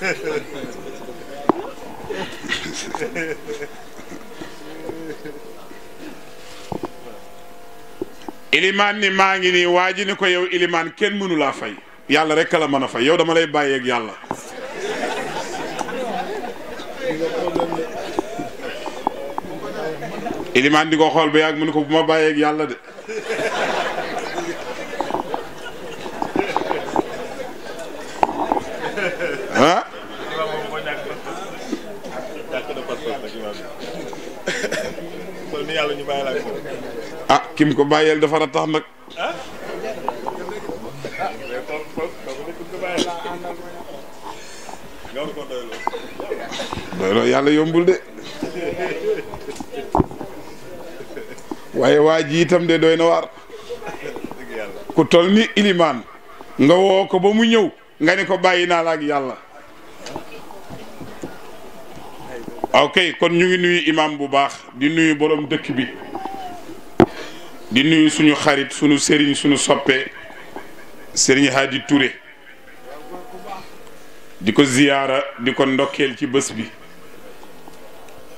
ilimaan ni maa ngi nii waa ji ni ko yow ilimaan kenn mënulaa laa yàlla rek la mën a fay yow dama lay bàyyeeg yàlla ilimaan di ko xool ba yàgg mu ko bu ma bàyyeeg yàlla de ah ah kim ko bàyyeel dafa ra tax nag doyloo yàlla yombul de waaye waa ji itam de doy na waar ku ni ilimaan nga woo ko ba mu ñëw nga ne ko bàyyi naa la yàlla ok kon ñu ngi nuyu imam bu baax di nuyu borom dëkk bi di nuyu suñu xarit suñu sëriñ suñu soppee sëriñ Hadi Touré di ko ziyaara di ko ndokkeel ci bés bi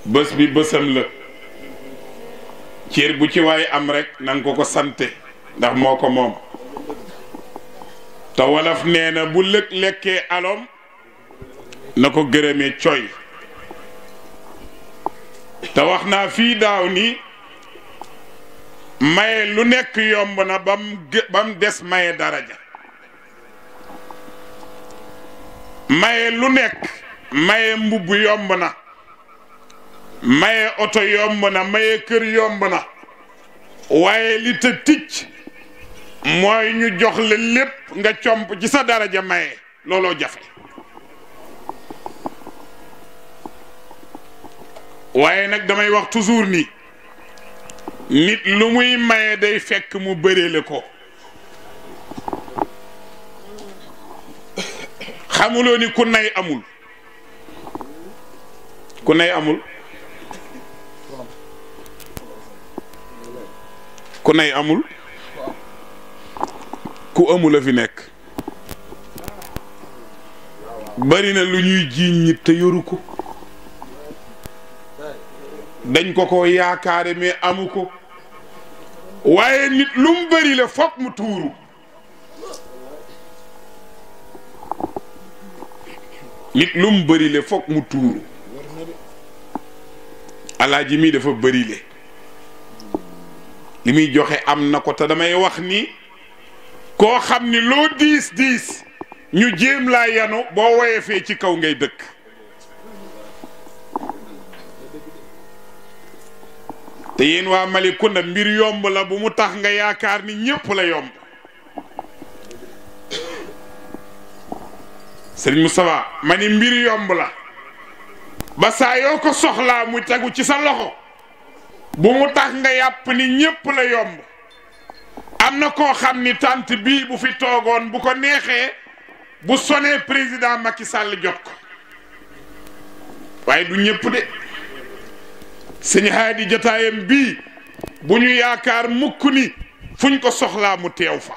bés bi bésam la cër bu ci waay am rekk na ko ko sante ndax moo ko moom te wolof nee na bu lëg lekkee alom na ko gërëmee coy te wax naa fii daaw nii maye lu nekk yomb na bam bam des maye daraja maye lu nekk maye mbubb yomb na maye oto yomb na maye kër yomb na waaye li te ticc mooy ñu jox la lépp nga comp ci sa daraja maye looloo jafe waaye nag damay wax toujours nii nit lu muy maye day fekk mu la ko xamuloo ni ku nay amul ku nay amul ku nay amul ku amul a fi nekk bari na lu ñuy jiiñ nit te yoru ko dañ ko ko yaakaare mais amu ko waaye nit lu mu bëri la foog mu tuuru nit lu mu bëri foog mu tuuru alaaji mi dafa bari le li muy joxe am na ko te damay wax ni koo xam ni loo diis diis ñu jéem laa yenu boo woyefee ci kaw ngay dëkk te yéen waa Malicounda mbir yomb la bu mu tax nga yaakaar ni ñépp la yomb sëriñ Moustapha ma mbir yomb la ba saa ko soxlaa mu tegu ci sa loxo bu mu tax nga yàpp ni ñépp la yomb am na koo xam ni tànt bii bu fi toogoon bu ko neexee bu sonee président Macky sàll jot ko waaye du ñépp de sëñ Haadi jotaayam bii bu ñu yaakaar mukk ni fuñ ko soxlaa mu teew fa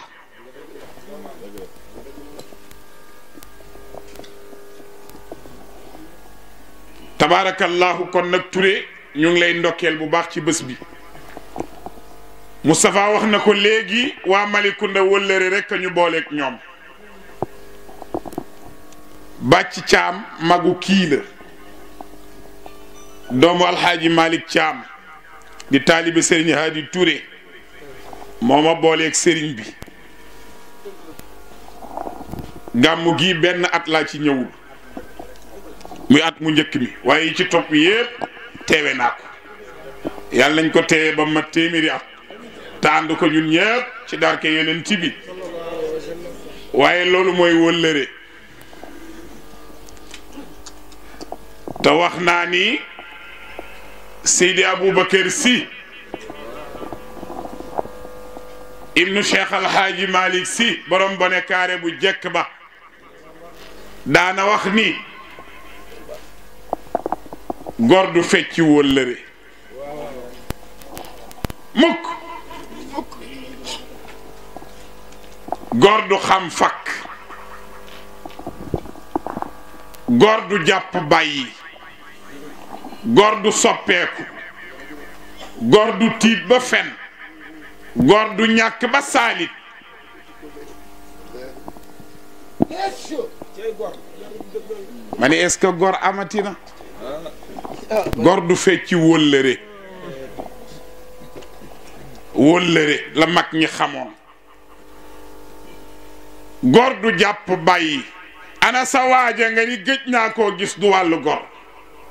tabaarakallaahu kon nag Touré ñu ngi lay ndokkeel bu baax ci bés bi Moustapha wax na ko léegi waa Malicounda wëllëre rekk a ñu booleek ñoom bàcc caam magu kii la doomu alxaaji Malick Thiam di taalibe Serigne Hadi Touré ture ma booleek Serigne bi gàmmu gi benn at laa ci ñëwul muy at mu njëkk mi waaye yi ci topp yépp teewe naa ko yàlla nañ ko teewe ba ma téeméeri at te ko ñun ñépp ci darke yeneen ci bi waaye loolu mooy wëllëre te wax naa ni Seydi Aboubacar Sy ibnu Cheikh Alhaaji Malick Sy borom bone kaare bu jekk ba daana wax ni góor du fecci wóllëre mukk góor du xam fakk góor du jàpp bàyyi góor du soppeeku góor du tiit ba fen góor du ñàkk ba saalit ma ne est-ce que góor du fecci wóllëre wóllëre la mag ñi xamoon góor du jàpp bàyyi ana sa waaja nga ni gëj naa koo gis du wàllu gor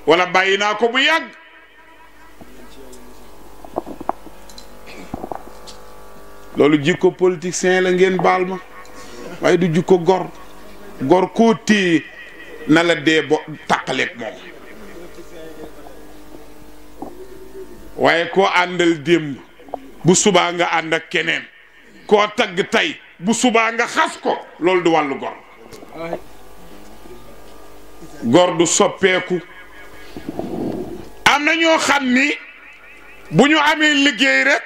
wala bàyyi naa ko bu yàgg loolu jikko politicien la ngeen baal ma waaye du jikko gor gor koo téye na la dee bo tàqaleeg moom waaye koo àndal démb bu subaa nga ànd ak keneen koo tagg tey bu subaa nga xas ko loolu du wàllu gor gor du soppeeku am na ñoo xam ni bu ñu amee liggéey rek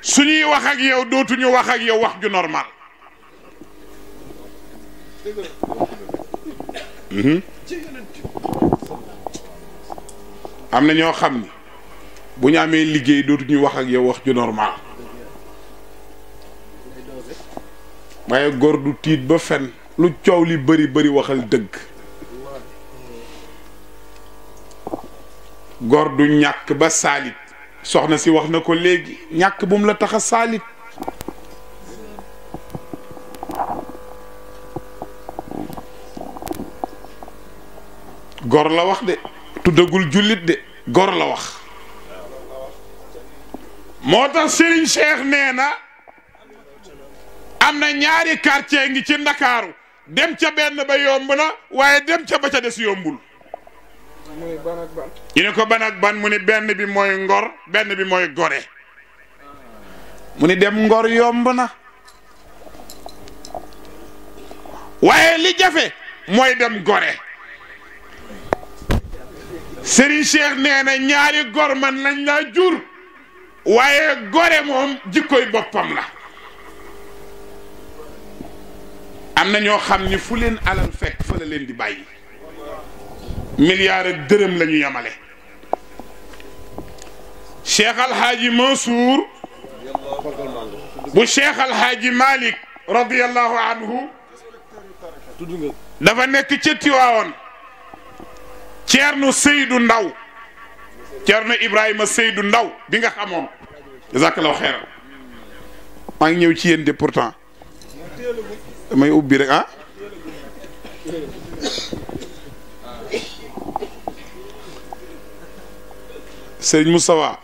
su ñuy yow dootuñu wax ak yow wax ju normal mhm. am na ñoo xam ni ñu amee liggéey dootuñu wax ak yow wax ju normal waaye góor du tiit ba fen lu coow li bari bëri waxal dëgg góor du ñàkk ba saalit soxna si wax na ko léegi ñàkk bu la tax a saalit góor la wax de tuddagul jullit de góor la wax moo tax Serigne Cheikh nee na am na ñaari quartier ngi ci Ndakaaru dem ca benn ba yomb na waaye dem ca ba ca des yombul ñu ne ko ban ban mu ni benn bi mooy ngor benn bi mooy gore mu ni dem ngor yomb na waaye li jafe mooy dem gore Serigne Cheikh nee ñaari gor man nañ laa jur waaye gore moom jikkoy boppam la am na ñoo xam ni fu leen alal fekk fa la leen di bàyyi milliard ak lañu yamale cheikh alhaaji mansour bu cheikh alhaaji malik radiallahu anhu dafa nekk ca Tiwaawoon ceerno Seydou Ndaw ceerno Ibrahima Seydou Ndaw bi nga xamoon jazakallahu xeyran maa ngi ñëw ci yéen de pourtant ubbi rek ah sëriñ Moustapha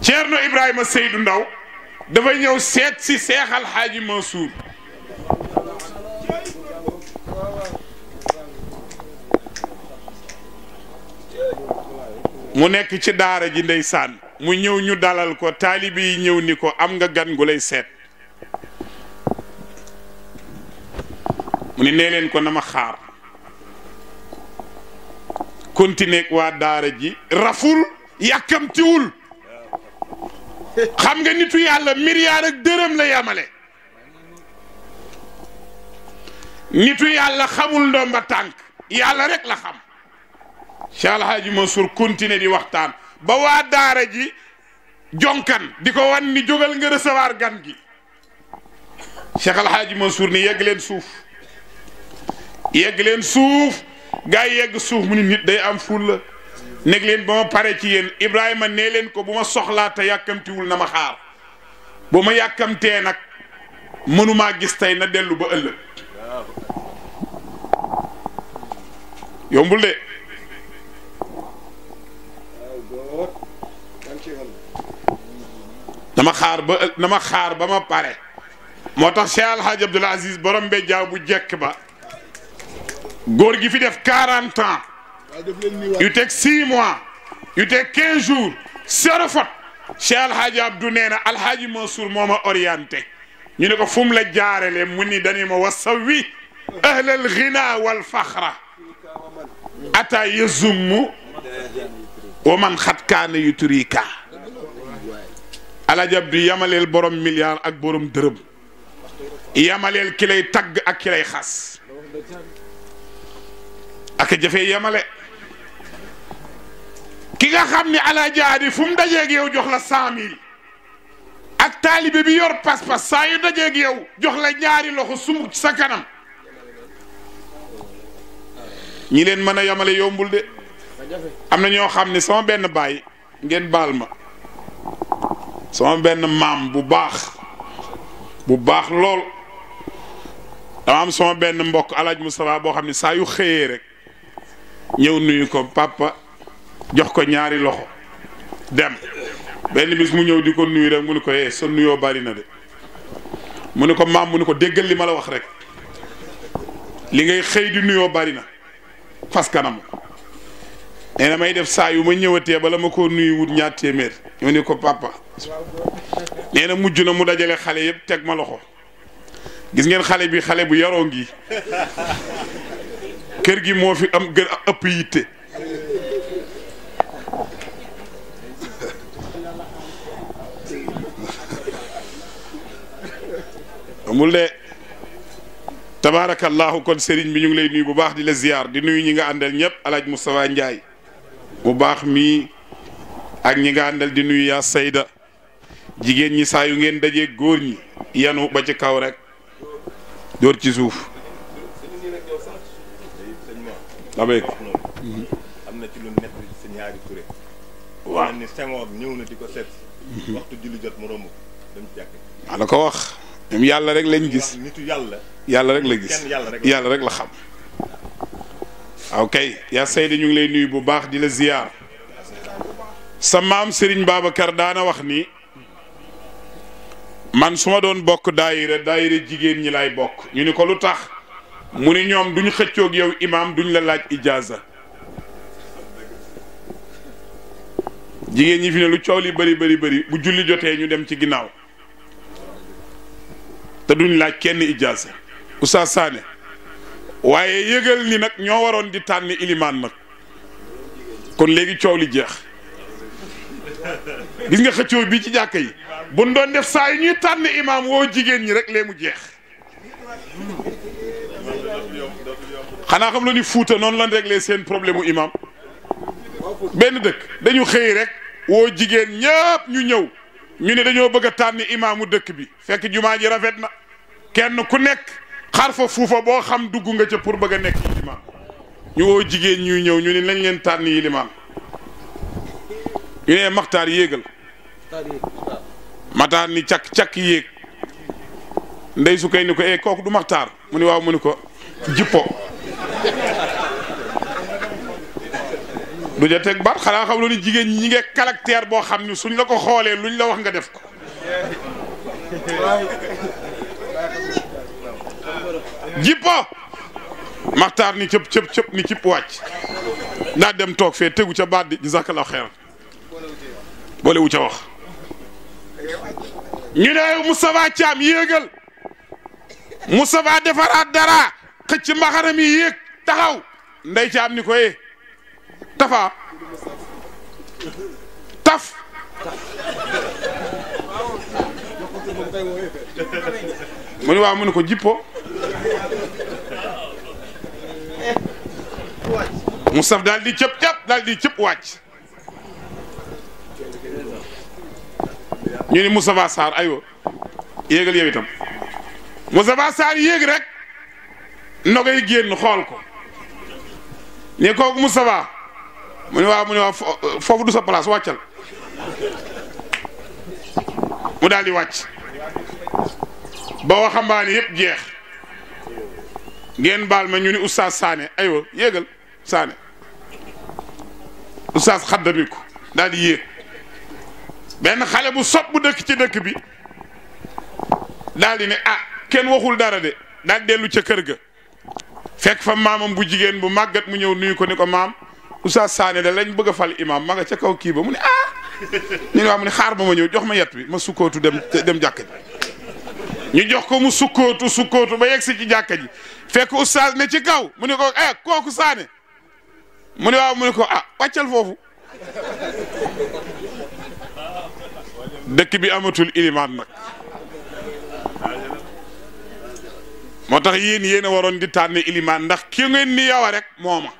Ceerno Ibrahima Seydou Ndaw dafay ñëw seet si seexal Alxaaji Mansuur mu nekk ci daara ji ndeysaan mu ñëw ñu dalal ko taalibe yi ñëw ni ko am nga gan gu lay seet mu ni nee leen ko na ma xaar continuer waa daara ji raful yàkkamtiwul xam nga nitu yàlla milliard ak dërëm la yamale nitu yàlla xamul ndomba tànk yàlla rek la xam Cheikh Alhaji Mansour continuer di waxtaan ba waa daara ji jonkan di ko wan ni jógal nga recevoir gan gi Cheikh Alhaji Mansour ni yegg leen suuf yegg leen suuf gaa yegg suuf mu ni nit day am fulla neg leen ba ma pare ci yéen Ibrahima nee leen ko bu ma soxlaat te yàkkamtiwul na ma xaar bu ma yàkkamtee nag mënumaa gis tey na dellu ba ëllëg yombul de dama xaar ba dama xaar ba ma pare moo tax Cheikh Al Hadj Abdoul Aziz borom mbéjaaw bu jekk ba góor gi fi def 40 ans. yu teg six yu teg quinze jours zéro faute Cheikh Alhaji Abdou nee Alhaji Mansour moo ma ñu ne ko fu la la jaarale mu ni dañu ma wasawi ahlal ghina wal fakhra ata yazummu wa man yu kaana yuturika Alhaji Abdou yamaleel borom milliard ak borom dërëm yamale kilay lay tagg ak ki lay jafe yamale ki nga xam ni ala jaadi fu mu dajeeg yow jox la cent ak taalibe bi yor pas-pas saa yu dajeeg yow jox la ñaari loxo sumu sa kanam ñi leen mën a yamale yombul de am na ñoo xam ne sama benn baay ngeen baal ma sama benn maam bu baax bu baax lool dama am sama benn mbokk alaaj Moustapha boo xam ne saa yu xëyee rek ñëw nuyu ko papa jox ko ñaari loxo dem benn bis mu ñëw di ko nuyu rek mu ne ko yee eh, sa nuyoo bari na de mu ne ko maam mu ne ko déggal li ma la wax rek li ngay xëy di nuyoo bari na fas kanam nee na may def saa yu ma ñëwatee bala ma ko nuyu wut ñaar téeméer ñu ne ko papa nee na mujj na mu dajale xale yëpp teg ma loxo gis ngeen xale bi xale bu yaroo ngi kër gi moo fi am gën a ëpp yitte amul de tabaarakallaahu kon sëriñ bi ñu ngi lay nuyu bu baax di la ziar di nuyu ñi nga àndal ñëpp alaaj Moustapha Ndiaye bu baax mii ak ñi nga àndal di nuyu yaa sayda jigéen ñi saa yu ngeen daje góor ñi yanu ba ci kaw rek dóor ci suuf abeeg na ci lu ñëw na di ko seet mhm. waxtu la ko wax yàlla rek lañ gis yàlla rek la gis yàlla rek la xam waaw kay yaa Seydi ñu ngi lay nuyu bu baax di la ziyaar sa maam sëriñ Babacar daana wax ni man su ma doon bokk daayira daayira jigéen ñi laay bokk ñu ni ko lu tax mu ni ñoom duñ xëccoog yow imaam duñ la laaj ijaaza jigéen ñi fi ne lu coow li bari bari bari bu julli jotee ñu dem ci ginnaaw te duñ laaj kenn ijaasa Oustaz Sané waaye yëgal ni nag ñoo waroon di tànn ilimaan nag kon léegi coow li jeex gis nga xëccoo bii ci jàkka yi buñ doon def saa yi ñuy tànn imaam woo jigéen ñi rek lee mu jeex xanaa xam la ni Fuuta noonu lan lee seen problème u imaam benn dëkk dañu xëy rek woo jigéen ñëpp ñu ñëw ñu ne dañoo bëgg a tànn imaamu dëkk bi fekk jumaa ji rafet na kenn ku nekk xar fa fuufa boo xam dugg nga ca pour bëgg a nekk yilimaan ñu woo jigéen ñuy ñëw ñu ne lañ leen tànn yilimaan ñu ne maxtaar yéegal maxtaar ni càkk càkk yéeg ndey su kay ni ko e eh, kook du maxtaar mu ne waaw mu ne ko jippo lu ja teg baat xanaa xam loolu jigéen ñi ñi ngi caractère boo xam ne suñ la ko xoolee luñ la wax nga def ko jippo maxtaar ni cëp cëp cëp ni cipp wàcc daa dem toog fee tegu ca baat di jazakallah xeer boole wu ca wax ñu ne Moustapha Thiam yéegal Moustapha defaraat dara xëcc mbaxana mi taxaw ndey Thiam ni ko eh, tafa taf mu ne waaw mu ne ko jippo mu saf daal di cëpp cëpp daal di cëpp wàcc ñu ni Moustapha Sarr aywa yéegal yow itam Moustapha Sarr rek nogay génn xool ko ne kooku Moustapha mu ne waaw mu ne waaw foofu du sa place wàccal mu daal wàcc ba waxambaane yëpp jeex ngeen baal ma ñu ni oustaz Sané aywa yéegal Sané oustaz xaddamiku daldi di yéeg benn xale bu sob bu dëkk ci dëkk bi daldi ne a ah, kenn waxul dara de daal dellu ca kër ga fekk fa maamam bu jigéen bu màggat mu ñëw nuyu ko ni ko maam Oustaz Sané da lañ bëgg fal imam ma nga ca kaw kii ba mu ne ah ñu ne waa mu ne xaar ba ma ñëw jox ma yet bi ma sukkootu dem dem jàkka ji ñu jox ko mu sukkootu sukkootu ba yegg si ci jàkka ji fekk Oustaz ne ci kaw mu ne ko eh kooku saane mu ne waaw mu ne ko ah wàccal foofu dëkk bi amatul ilimaan nag moo tax yéen yéen a waroon di tànn ilimaan ndax ki ngeen ni yow rek mooma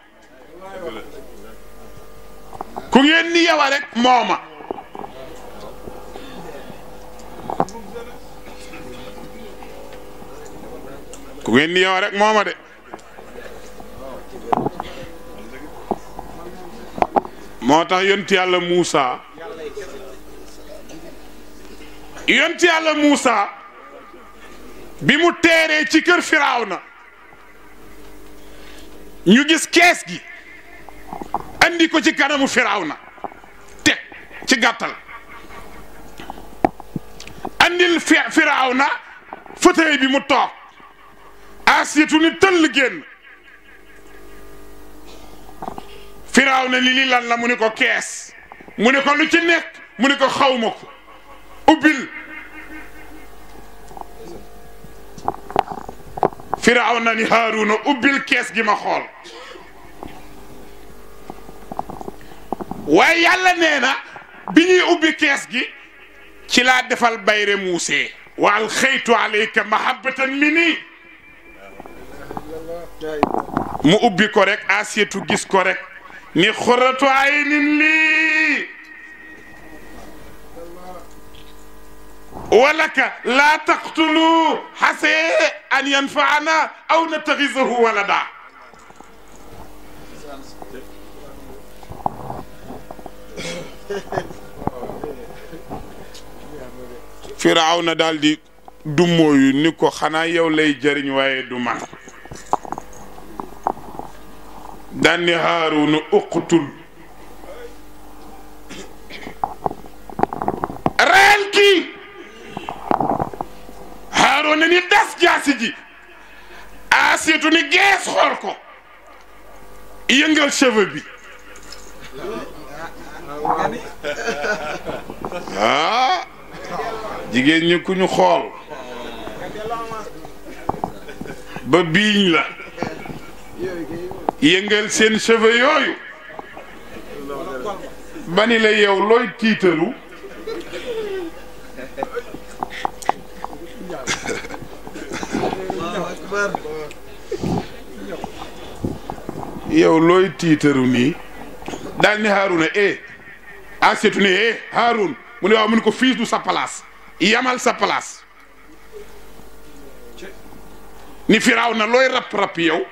ku ngeen ni yawa rek mooma ku ngeen ni yawa rek mooma de moo tax yonti yàlla Muusa yonti yàlla Muusa bi mu teeree ci kër Firawna ñu gis kees gi andi ko ci kanamu Firawna te ci gàttal andil Firawna fauteuil bi mu to asiyatu ni tëll génn Firawna ni li lan la mu ni ko kees mu ni ko lu ci nekk mu ni ko xawma ko ubbil Firawna ni Haaruna ubbil kees gi ma xool waaye yàlla nee na bi ñuy ubbi kees gi ci laa defal bayre muusee wa alxeytu aleyka mahabbatan mi nii mu ubbi ko rek asietu gis ko rek ni xurratu aynin lii walaka laa taqtulu xasee an yanfaana aw nattaxisahu walada firawna daal di dummóoyu ni ko xanaa yow lay jariñ waaye du man dandi haaruna uqtul reel kii haaruna ni das jaasi ji ni gees xool ko yëngal cheveu bi ah jigéen ñi ku ñu xool ba biiñ la yëngal seen cheveux yooyu bani la yow looy tiitalu yow looy tiitaru nii daal ni xaaru na eh. Aseetu ah, ne eh Haarun mu ne waaw mu ne ko fii du sa palaas yamal sa place ni firaaw na looy rap rap yow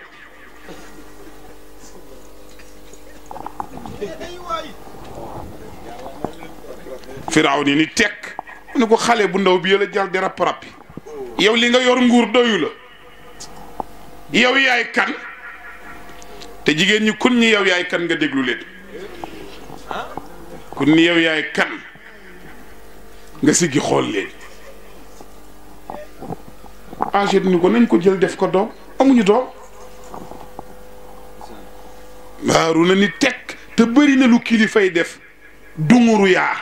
firaaw ni ni tekk mu ne ko xale bu ndaw bi yëla jal di rap rap yow li nga yor nguur doyu la yow yaay kan te jigéen ñi kun ñi yow yaay kan nga déglu leen ku ni yaay kan nga siggi xool leen âgé ni ko nañ ko jël def ko doom amuñu doom waaru na ni tekk te bari na lu kilifay def dunguru yaa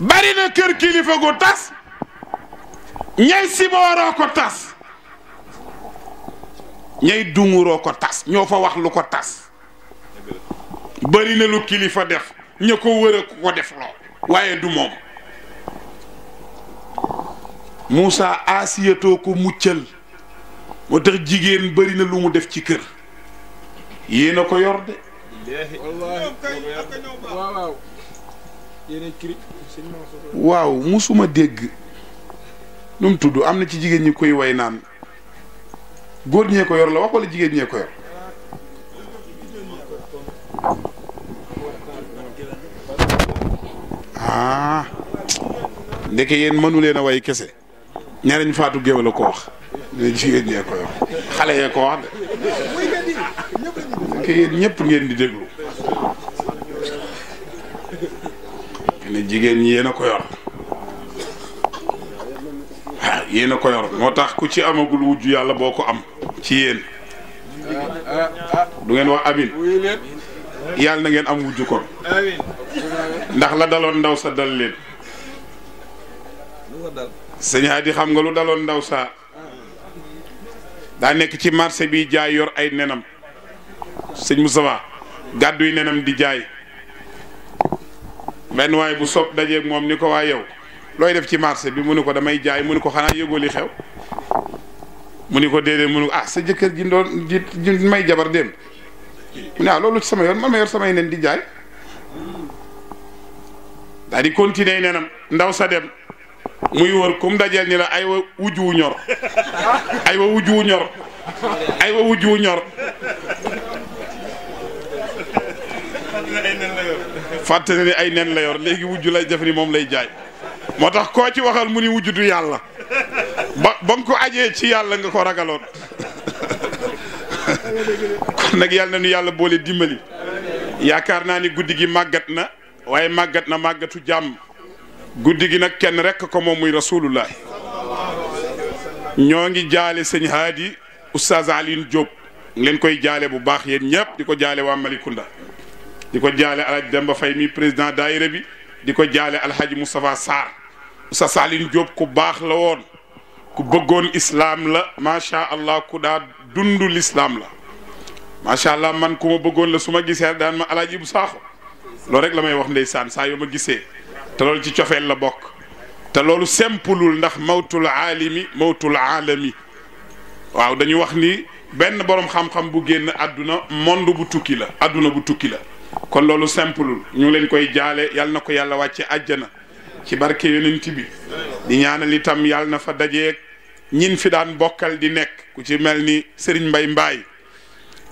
bari na kër kilifa gu tas ñay sibooroo ko tas ñay dunguroo ko tas ñoo fa wax lu ko tas bari na lu kilifa def ña ko wër a ko def loo waaye du moom muusa asiyatoo ko muccal moo tax jigéen bari na lu mu def ci kër yéen a ko yor de waaw musuma dégg nu tudd am na ci jigéen ñi koy way naan góor ñee ko yor la wax wala jigéen ñee ko yor ah. ndeke yéen mënu leen a way kese ñarañ faatu géwél a ko wax ne jigéen ñee ko yor xale yee ko wax ndeke yéen ñëpp ngeen di déglu ne jigéen ñi yéen a ko yor waaw yéen a moo tax ku ci amagul wujju yàlla boo ko am ci yéen ah, ah, ah. du ngeen wax amin yàlla na ngeen am wujju ko ndax la daloon ndaw sa dal leen sëñ xam nga lu daloon ndaw sa daa nekk ci marché bi jaay yor ay nenam sëñ Moussa gàdduy nenam di jaay benn waay bu sob dajeeg moom ni ko waa yow looy def ci marché bi mu ne ko damay jaay mu ne ko xanaa yëgoo li xew mu ne ko déedéet mu ne ko ah sa jëkkër ji doon ji may jabar dem mu ne ah loolu sama yoon man ma yor samay nen di jaay daal di continuer nenam ndaw sa dem muy wër kum dajeel ni la ay wa wu ñor ay wa wujju ñor ay wa wujju ñor fàtte ni ay nen la yor léegi wujj lay jëf ni moom lay jaay moo tax koo ci waxal mu ni wujjudu yàlla ba ba nga ko ajee ci yàlla nga ko ragaloon kon nag yàlla na nu yàlla boole dimbali yaakaar naa ni guddi gi màggat na waaye màggat na màggatu jàmm guddi gi nag kenn rekk ko moom muy rasulullah ñoo ngi jaale sëñ haadi oustaz Alioune Diop ngeen koy jaale bu baax yéen ñëpp di ko jaale waa Malicounda di ko jaale alhaj Demba Fay mi président daayira bi di ko jaale alhaji Moustapha Sarr sa Saalin Diop ku baax la woon ku bëggoon islaam la macha allah ku daa dund lislaam la macha allah man ku ma bëggoon la su ma gisee daan ma alaaji bu saaxo loolu rek la may wax ndeysaan saa yoo ma gisee te loolu ci cofeel la bokk te loolu sempulul ndax mawtul aalimi mawtul aalami waaw dañu wax ni benn borom xam bu génn àdduna monde bu tukki la àdduna bu tukki la kon loolu sempulul ñu ngi leen koy jaale yàlla na ko yàlla wàcce àjjana ci barke yonent bi di ñaanal itam yàlla na fa dajeeg ñin fi daan bokkal di nekk ku ci mel ni Serigne Mbay Mbaay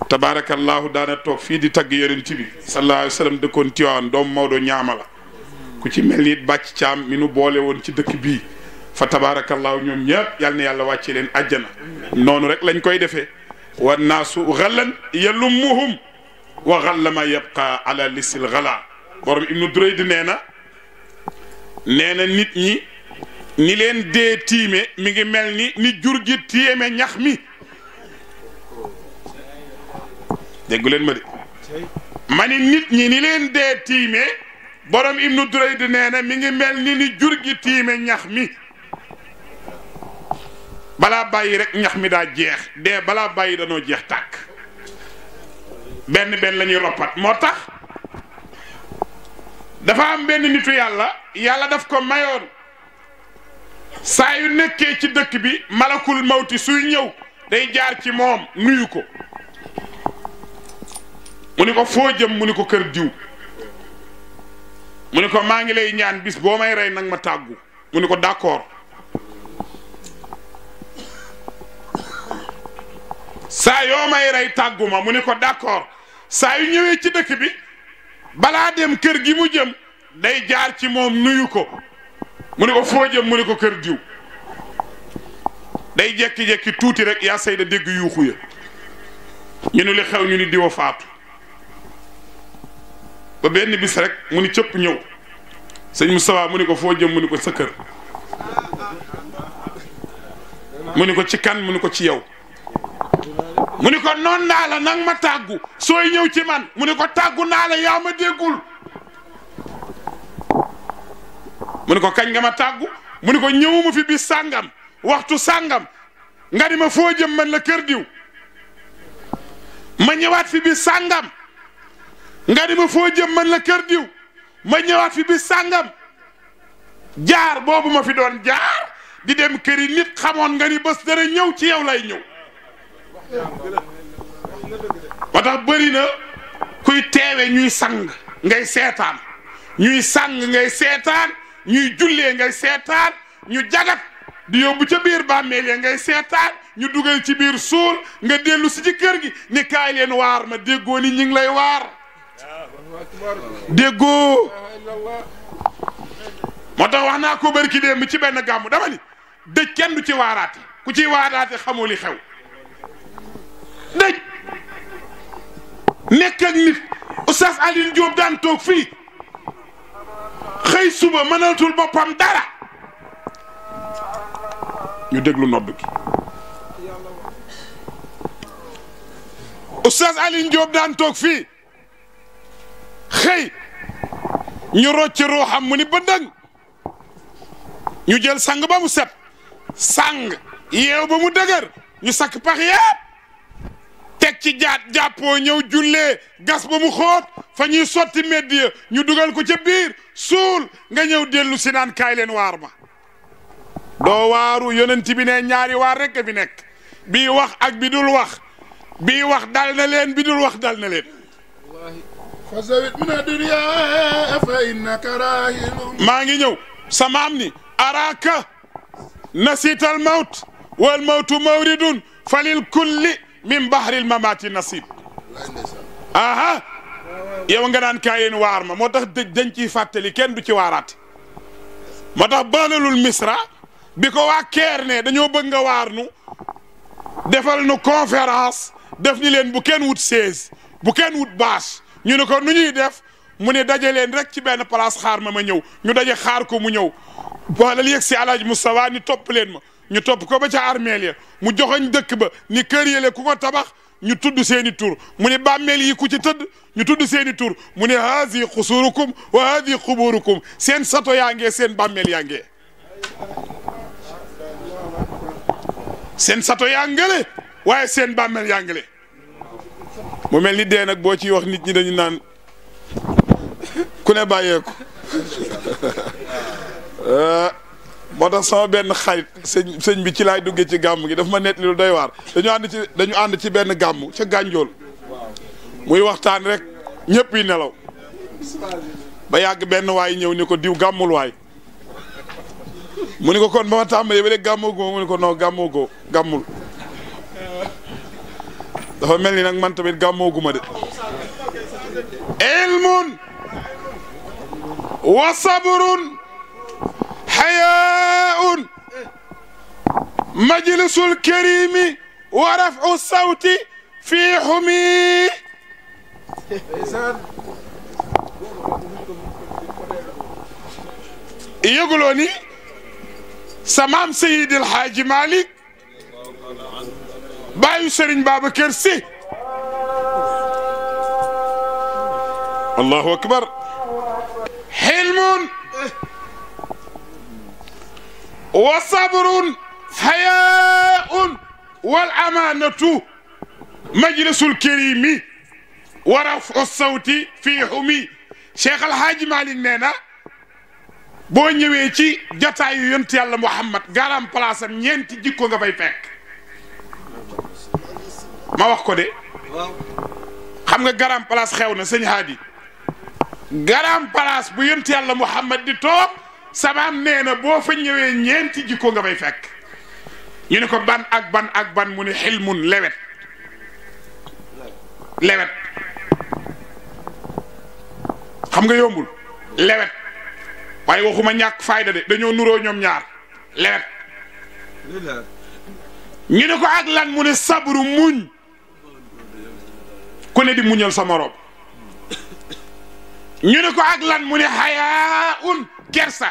tabaarakallaahu daana toog fii di tagg yonent bi sallallahu alayhi dëkkoon Tiwaawan doom Maodo ñaama la ku ci mel ni mi nu boole woon ci dëkk bii fa tabaarakallaahu ñoom ñëpp yal na yàlla wàcce leen àjjana noonu rek lañ koy defee wa naasu xallan yalummuhum wa xalla ma yabqa ala lisil xala borom ibnu Durayd nee na nee nit ñi ni leen dee tiime mi ngi mel ni ni jur gi tiime ñax mi déggu leen ma de ma ni nit ñi ni leen dee tiime borom ibnu Durayd nee na mi ngi mel ni ni jur gi tiime ñax mi balaa bàyyi rek ñax mi daa jeex dee balaa bàyyi danoo jeex tàkk benn benn lañuy ñuy roppat moo tax dafa am benn nitu yàlla yàlla def ko mayoon saa yu nekkee ci dëkk bi malakul mawti suy ñëw day jaar ci moom nuyu ko mu ni ko foo jëm mu ni ko kër diw mu ni ko maa ngi lay ñaan bis boo may rey nag ma tàggu mu ni ko d'accord saa yoo may rey tàggu ma mu ni ko d'accord saa yu ñëwee ci dëkk bi balaa dem kër gi mu jëm day jaar ci moom nuyu ko mu ne ko foo jëm mu ne ko kër diw day jekki-jekki tuuti rek yaa sayda dégg yuuxu ya ñu ne li xew ñu ni diwa faatu ba benn bis rek mu ni cëpp ñëw sëñ Moustapha mu ni ko foo jëm mu ni ko sa kër mu ni ko ci kan mu ni ko ci yow mu ni ko noon naa la nang ma tàggu sooy ñëw ci man mu ni ko tàggu naa la yaa ma déggul mu ni ko kañ nga ma tàggu mu ni ko ñëwuma fi bis sàngam waxtu sàngam nga ni ma foo jëm man la kër diw ma ñëwaat fi bis sàngam nga ma foo jëm man la kër diw ma ñëwaat fi sàngam jaar boobu ma fi doon jaar di dem këri nit xamoon nga ni bés dara ñëw ci yow lay ñëw moo tax bëri na kuy teewe ñuy sang ngay seetaan ñuy sang ngay seetaan ñuy jullee ngay seetaan ñu jagat di yóbbu ca biir bàmmeel ya ngay seetaan ñu dugal ci biir suul nga dellu si ci kër gi ni kaay waar ma déggoo ni ñi ngi lay waar déggoo moo tax wax naa ko bërki démb ci benn gàmm dama ni dëj kenn ci waaraate ku ciy waaraate xamoo li xew dëj nekk ak nit oustaz Alioune Diop daan toog fii xëy suba mënatul boppam dara ñu déglu nodd gi oustaz Alioune Diop daan toog fii xëy ñu rocc ruuxam mu ni bëndëng ñu jël sang ba mu set sang yeew ba mu dëgër ñu sakk pax yépp teg ci jaat jàppoo ñëw jullee gas ba mu xóot fa ñuy sotti medd ñu dugal ko ca biir suul nga ñëw dellu si naan kaay leen waar ma doo waaru yonent bi ñaari waar rek fi nekk bii wax ak bi wax bii wax dal na leen bi wax dal na leen maa ngi ñëw samaam ni araka nasital mawt wal mawtu mawridun falil kulli min bahril mamaati nasib aha yow nga naan yéen waar ma moo tax dañ ciy fàttali kenn du ci waaraat moo tax baalalul misra bi ko waa keer ne dañoo bëgg nga waar nu defal nu conférence def ni leen bu kenn wut seize bu kenn wut bâche ñu ne ko nu ñuy def mu ne daje leen rek ci benn place xaar ma ma ñëw ñu daje xaar ko mu ñëw boolal yëg si alaaj Moustapha ni topp leen ma ñu topp ko ba ca armeel ya mu joxoñ dëkk ba ni kër yële ku ko tabax ñu tudd seeni tur mu ne bàmmeel yi ku ci tëdd ñu tudd seeni tur mu ne haadi xusurukum wa haadi xuburukum seen sato yaa nge seen bàmmeel yaa ngee seen sato yaa ngale waaye seen bàmmeel yaa ngale mu mel ni dee nag boo ci wax nit ñi dañu naan ku ne bàyyeeku euh, moo tax sama benn xarit sëñ sëñ bi ci laay duggee ci gàmm gi daf ma nett lu doy waar dañu ànd ci dañu ànd ci benn gàmm ca gànjool muy waxtaan rek ñëpp yi nelaw ba yàgg benn waay ñëw ni ko diw gàmmul waay mu ni ko kon ba ma tàmbalee ba de gàmmoogoo mu ni ko non gàmmoogoo gàmmul dafa mel ni nag man tamit gàmmooguma de ilmun wa sabrun xayaaun majlisul karimi wa rafu sawti fii xumi yëguloo ni samaam Seydil Xaaji Malick baayu Serigne Babacar Sy allahu akbar xilmun wa sabrun hayaun wal amanatu majlisul karimi wa rafu sawti fi humi cheikh alhaaji malik nee na boo ñëwee ci jataayu yonent yàlla muhammad garam place am ñeenti jikko nga fay fekk ma wax ko de xam nga garam place xew na sëñ haadi garam place bu yonent yàlla muhammad di toog sabaan nee na boo fa ñëwee ñeenti jikkoo nga fay fekk ñu ne ko ban ak ban ak ban mu ne xilmun lewet lewet xam nga yombul lewet waaye waxuma ñàkk fayda de dañoo nuroo ñoom ñaar lewet ñu ne ko ak lan mu ne sabru muñ ku ne di muñal sa moroom ñu ne ko ak lan mu ne xayaa un kersa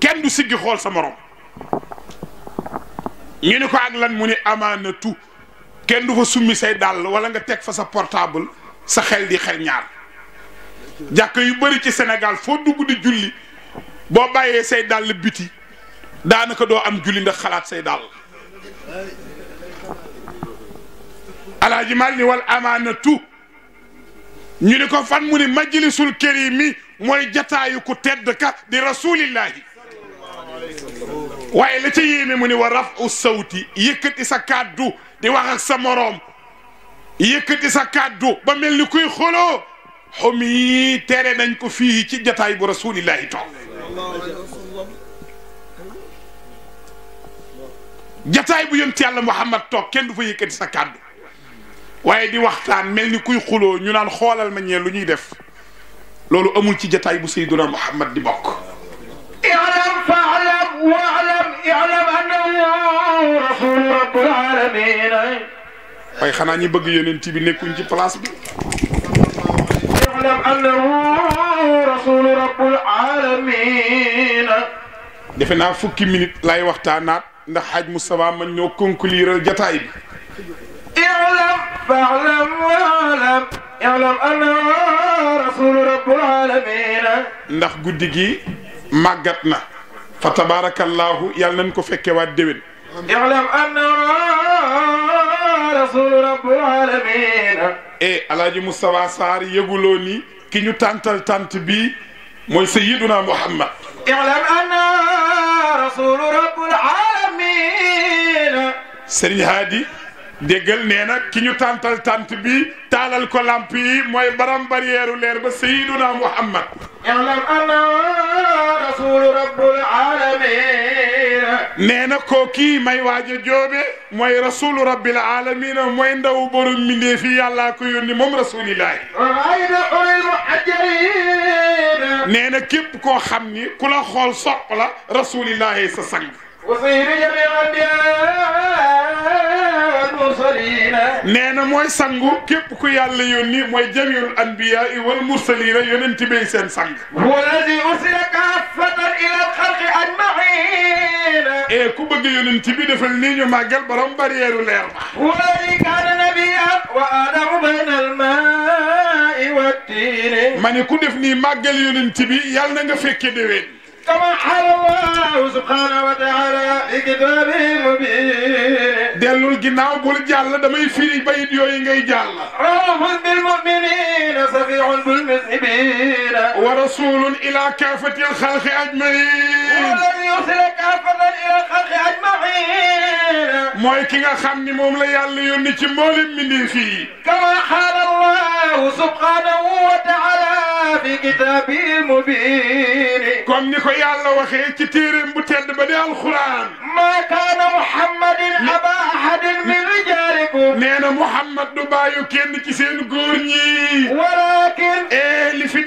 kenn du siggi xool sa moroom ñu ne ko ak lan mu ne amaanatu kenn du fa summi say dàll wala nga teg fa sa portable sa xel di xel ñaar jàkk yu bari ci senegal foo dugg di julli boo bàyyee say dàll biti daanaka doo am julli ndax xalaat say dàll alaaji mal ni wal amaanatu ñu ne ko fan mu ne majlisul karimi mooy jataayu ku tedd ka di rasulillahi waaye la ca yéeme mu ni wa rafu sawti yëkkati sa kàddu di wax ak sa moroom yëkkati sa kàddu ba mel ni kuy xoloo xom yi tere nañ ko fii ci jataay bu rasulillahi toog jataay bu yonti yàlla muhammad toog kenn du fa yëkkati sa kàddu waaye di waxtaan mel ni kuy xuloo ñu naan xoolal ma ñee lu ñuy def loolu amul ci jataay bu sayduna muhammad di bokk i'lam fa'lam wa'lam i'lam annahu rasulu rabbil alamin waaye xanaa ñi bëgg yonent bi nekkuñ ci place bi i'lam annahu rasulu rabbil alamin defe naa fukki minute lay waxtaanaat ndax xaaj Moustapha man ñoo conclure jataay bi i'lam fa'lam wa'lam i'lam anna rasulu rabbul alamin ndax guddi gi màggat na fa tabaarakallaahu yàlla nañ ko fekke waat déwén i'lam anna rasulu rabbul alamin e alaaji Moustapha Sarr yëguloo ni ki ñu tàntal tànt bi mooy sayyiduna Muhammad i'lam anna rasulu rabbul alamin Serigne Hadi déggal nee na ki ñu tàntal tant bi taalal ko lamp yi mooy baram barrière leer ba sayiduna muhammad alam anna rasulu rabbul alamin nee na koo kii may waaj a joobe mooy rasulu rabbil alamin mooy ndaw borom mindee fi yàllaa ko yónni moom rasulillahi nee na képp koo xam ni ku la xool sopp la rasulillahi sa sang وسير جميع الأنبياء والمرسلين نانا موي سانغو كيب كو يالا يوني موي جميع الأنبياء والمرسلين يوننتي بي سين سانغ هو الذي أرسل كافة إلى الخلق أجمعين إيه كو بغي يوننتي بي ديفال ني نيو ماغال بروم باريرو لير هو الذي كان نبيا وآدم بين الماء والتين ماني كو ديف ني ماغال يوننتي بي يالا nga fekke dewen كما قال الله سبحانه وتعالى في كتابه المبين dellul ginnaaw bul jàll damay firi bayit yooyu ngay jàll رؤوف بالمؤمنين شفيع بالمذنبين ورسول إلى كافة الخلق أجمعين والذي يرسل كافة إلى الخلق أجمعين mooy ki nga xam ni moom la yàlla yónni ci mboolem mbindeef yi كما قال الله سبحانه وتعالى في كتابه المبين yàlla waxee ci téeréem bu tedd ba alxuraan. maa kaana muhammadin aba ahadin min rijaalikum. nee na muhammad du bàyyu kenn ci seen góor ñi. walaakin. Eh,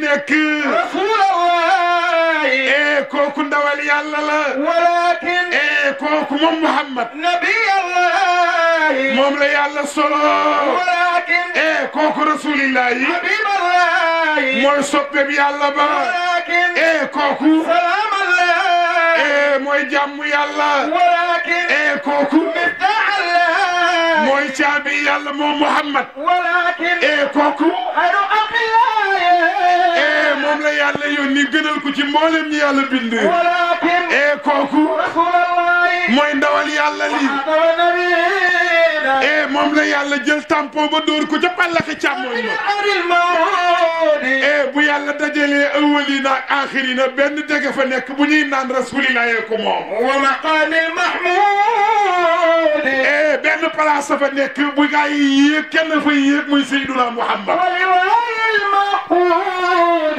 eh, kooku ndawal yàlla la. walaakin. ee eh, kooku moom muhammad. nabiyallah. yàlla kooku rasulillah yi. mooy soppeeb yàlla ba. walaakin. ni'mal la eh, mooy jàmm yàlla walakin eh, kooku mooy caabi yàlla moom Muhammad. walaakin ee eh, kooku. xaru aqiyaay. ee eh, moom la yàlla ko ci mboolem ñi yàlla bind. walaakin ee eh, yàlla lii. ee moom la yàlla jël tampon ba dóor ko ca pàllaxi càmmooñ ee bu yàlla dajalee awwalina ak benn dege fa nekk bu ñuy naan rasulillahi ko moom. wa maqaamil mahmud. eh benn place dafa nekk bu gaa yi yéeg kenn fay yéeg muy Seydouna Muhammad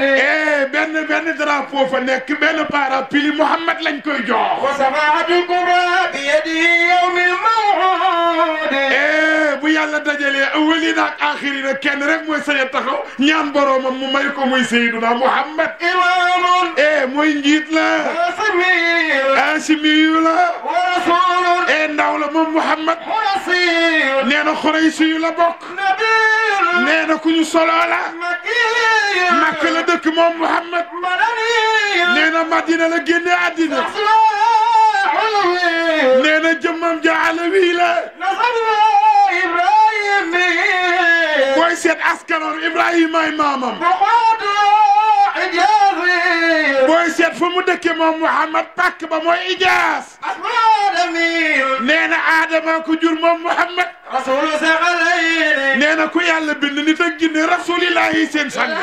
eh benn benn drapeau fa nekk benn parapluie Muhammad lañ koy jox. bu yàlla dajalee awwalina ak axirina kenn rek mooy sañ a taxaw ñaan boroomam mu may ko muy Seydina Muhammad imaamun eh mooy njiit la asimiyu la eh ndaw la moom Muhammad nee na xuraysi yu la bokk nee na ku ñu soloo la màkk la dëkk moom Muhammad nee na Madina la génne àddina nee na jëmmam ja alawi la ibrahimi booy seet askanoon ibrahima ay maamam booy seet fu mu dëkke moom Muhammad pàkk ba mooy Ijaas nee na Adama ku jur moom Muhammad nee na ku yàlla bind nit ak jinne rasulillahi seen sang e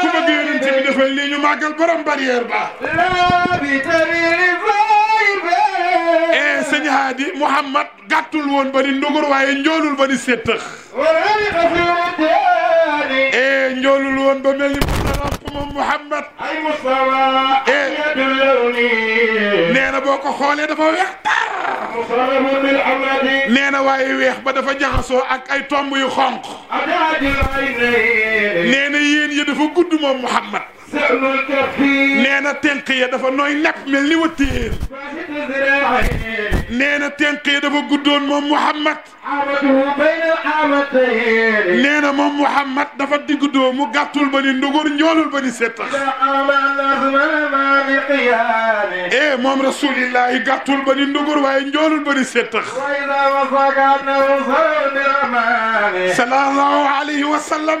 ku bëgg yonent bi defal lii ñu màggal borom barrière ba e sëñ haadi mouhamad gàttul woon ba di ndugur waaye njoolul ba di séttëx e eh, njoolul woon ba mel ni moom moom mouhamad e nee boo ko xoolee dafa weex nee waaye weex ba dafa jaxasoo ak ay tomb yu xonq nee na yéen yi dafa gudd moom mouhamad nee na tenq ya dafa nooy napp mel ni wëttéel nee na tenq ya dafa guddoon moom Muhammad nee na moom Muhammad dafa digguddoo mu gàttul ba ni ndugur njoolul ba ni settax eh moom rasulillahi gàttul ba ni ndugur waaye njoolul ba ni settax sallallahu alayhi wa sallam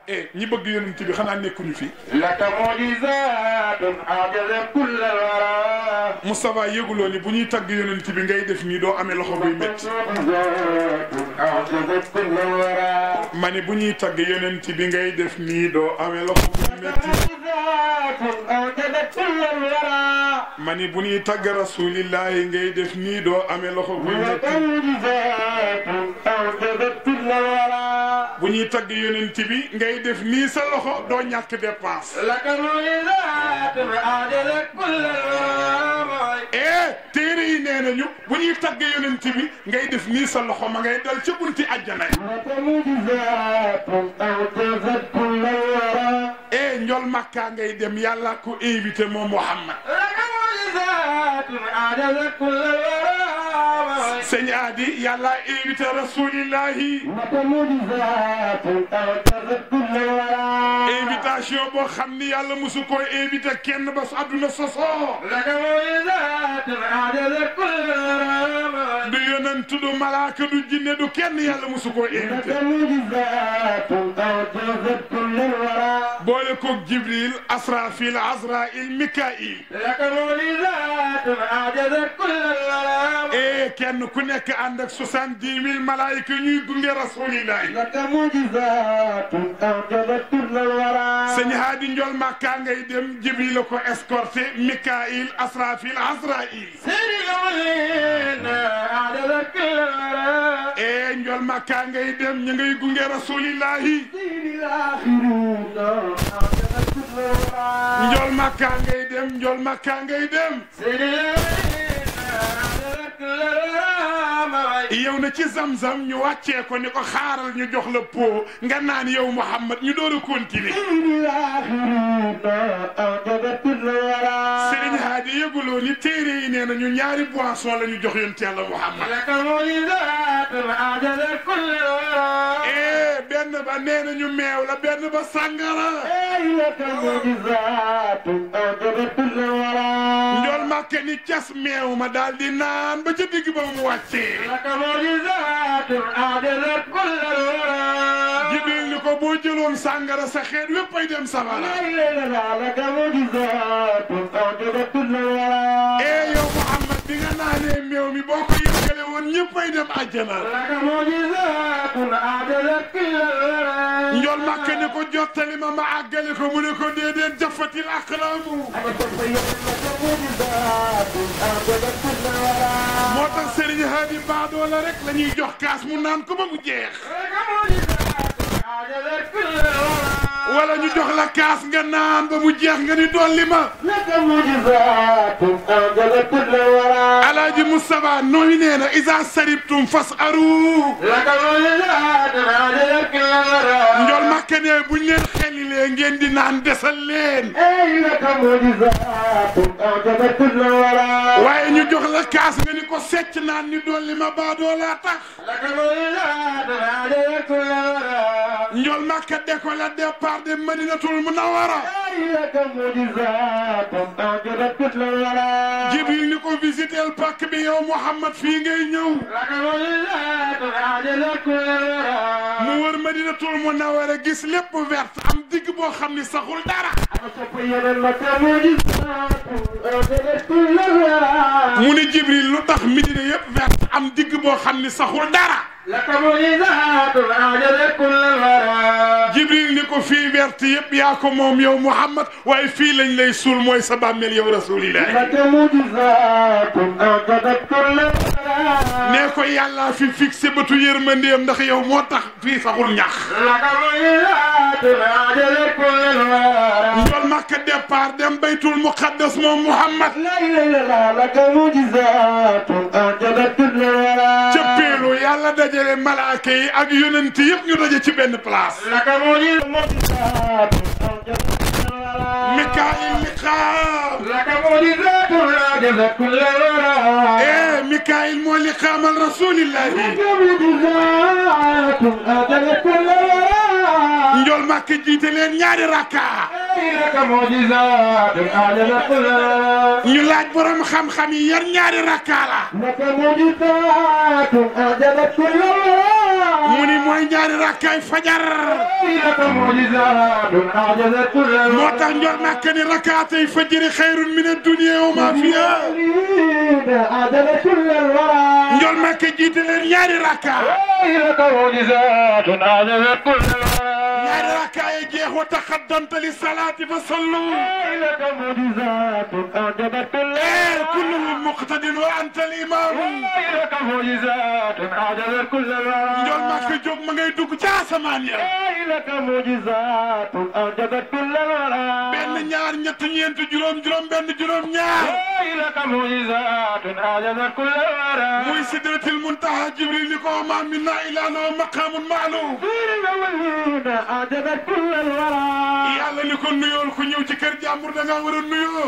e ñi bëgg yonent bi xanaa nekkuñu fi la mujizatun ajaza kull wara Moustapha yëguloo ni bu ñuy tagg yonent bi ngay def nii doo amee loxo buy métti ajaza bu ñuy tagg yonent bi ngay def nii doo amee loxo buy métti ma ni bu ñuy tagg rasulillahi ngay def nii doo amee loxo buy métti bu ñuy tagg yonent bi ngay def nii sa loxo doo ñàkk dépense. eh téere yi nee nañu bu ñuy tagg yonent bi ngay def nii sa loxo ma ngay dal ca bunti àjjana eh njol makka ngay dem yàlla ko invité moom Muhammad sëñ Adi yàlla invité rasulillahi invitation boo xam ni yàlla mosu ko invité kenn ba su àdduna sosoo du yonent du malaaka du jinne du kenn yàlla mosu ko invité boo boole koog Jibril Asrafil Azrail Mikail. eh kenn ku nekk ànd ak soixante dix mille malaayika ñuy gunge rasulilah. sëñ Hadi Ndiol Makka ngay dem Jibril la ko escorté Mikail Asrafil Azrail. eh Ndiol Makka ngay dem ñu ngay gunge rasulilah. njool makka ngay dem njool makka ngay dem. yow na ci zamzam ñu wàccee ko ko xaaral ñu jox la po nga naan yow Muhammad ñu door a continuer. Serigne Hadi yëguloo ni téere yi nee na ñu ñaari boisson la ñu jox yonent Yàlla Muhammad. eh benn ba nee na ñu meew la benn ba sàngara. Eh, Mbàkke ni cas meew ma daal di naan ba ca digg ba mu wàccee Jibril ni ko boo jëloon sàngara sa xeet wépp ay dem sabara e eh yow Muhammad bi nga naanee meew mi boo ko yëkkale woon ñëppay dem àjjana. njool màkk ne ko jottali ma ma àggale ko mu ne ko déedéet jafatil aqlaamu. moo tax Serigne Hadi Baadoo la rek la ñuy jox kaas mu naan ko ba mu jeex. wala ñu jox la kaas nga naan ba mu jeex nga ni dolli ma alaaji Moustapha nooy nee isa saribtum fas aru njol màkke ne buñ leen xelilee di naan desal leen waaye ñu jox la kaas nga ni ko secc naan ni dolli ma baadoo laa tax victoire de Madinatul Munawwara Jibril ni ko visiteel pàkk bi yow Muhammad fii ngay ñëw mu wër Madinatul Munawwara gis lépp vert am digg boo xam ni saxul dara mu ne Jibril lu tax Madina yëpp vert am digg boo xam ni saxul dara jibril ni ko fii wert yëpp yaa ko moom yow Muhammad waaye fii lañ lay suul mooy sa bàmmeel yow rasulillah nee ko yàllaa fi fixé bëtu yërmandeem ndax yow moo tax fii saxul ñax njool Makka départ dem baytul muqaddas moom Muhammad ca peelu yàlla dajale malaaka yi ak yonent yëpp ñu daje ci benn place. mikaayil liqaam. eh mikaayil moo liqaamal rasulillahi. njool màkk jiite leen ñaari rakka. ñu laaj borom xam-xam yi yar ñaari rakkaala. mu ni mooy ñaari rakkaay fajar. moo tax njor màkk ni rakkaatay fajiri xayrun min ad-dunya wa ma fiha. njor màkk jiite leen ñaari rakka. ñaari rakka yi jeex wa taqaddamta li salaati fa sallu. Eh, kulluhum muqtadin wa anta al-imam. njor màkk parce que jóg ma ngay dugg ca asamaan ya laka mujizatun awjabatul wara benn ñaar ñett ñeent juróom juróom benn juróom ñaar laka mujizatun awjabatul wara muy sidratil muntaha jibril ni ko ma minna ila no maqamun ma'lum awjabatul wara ni ku ñëw ci kër jàmbur da nga war a nuyoo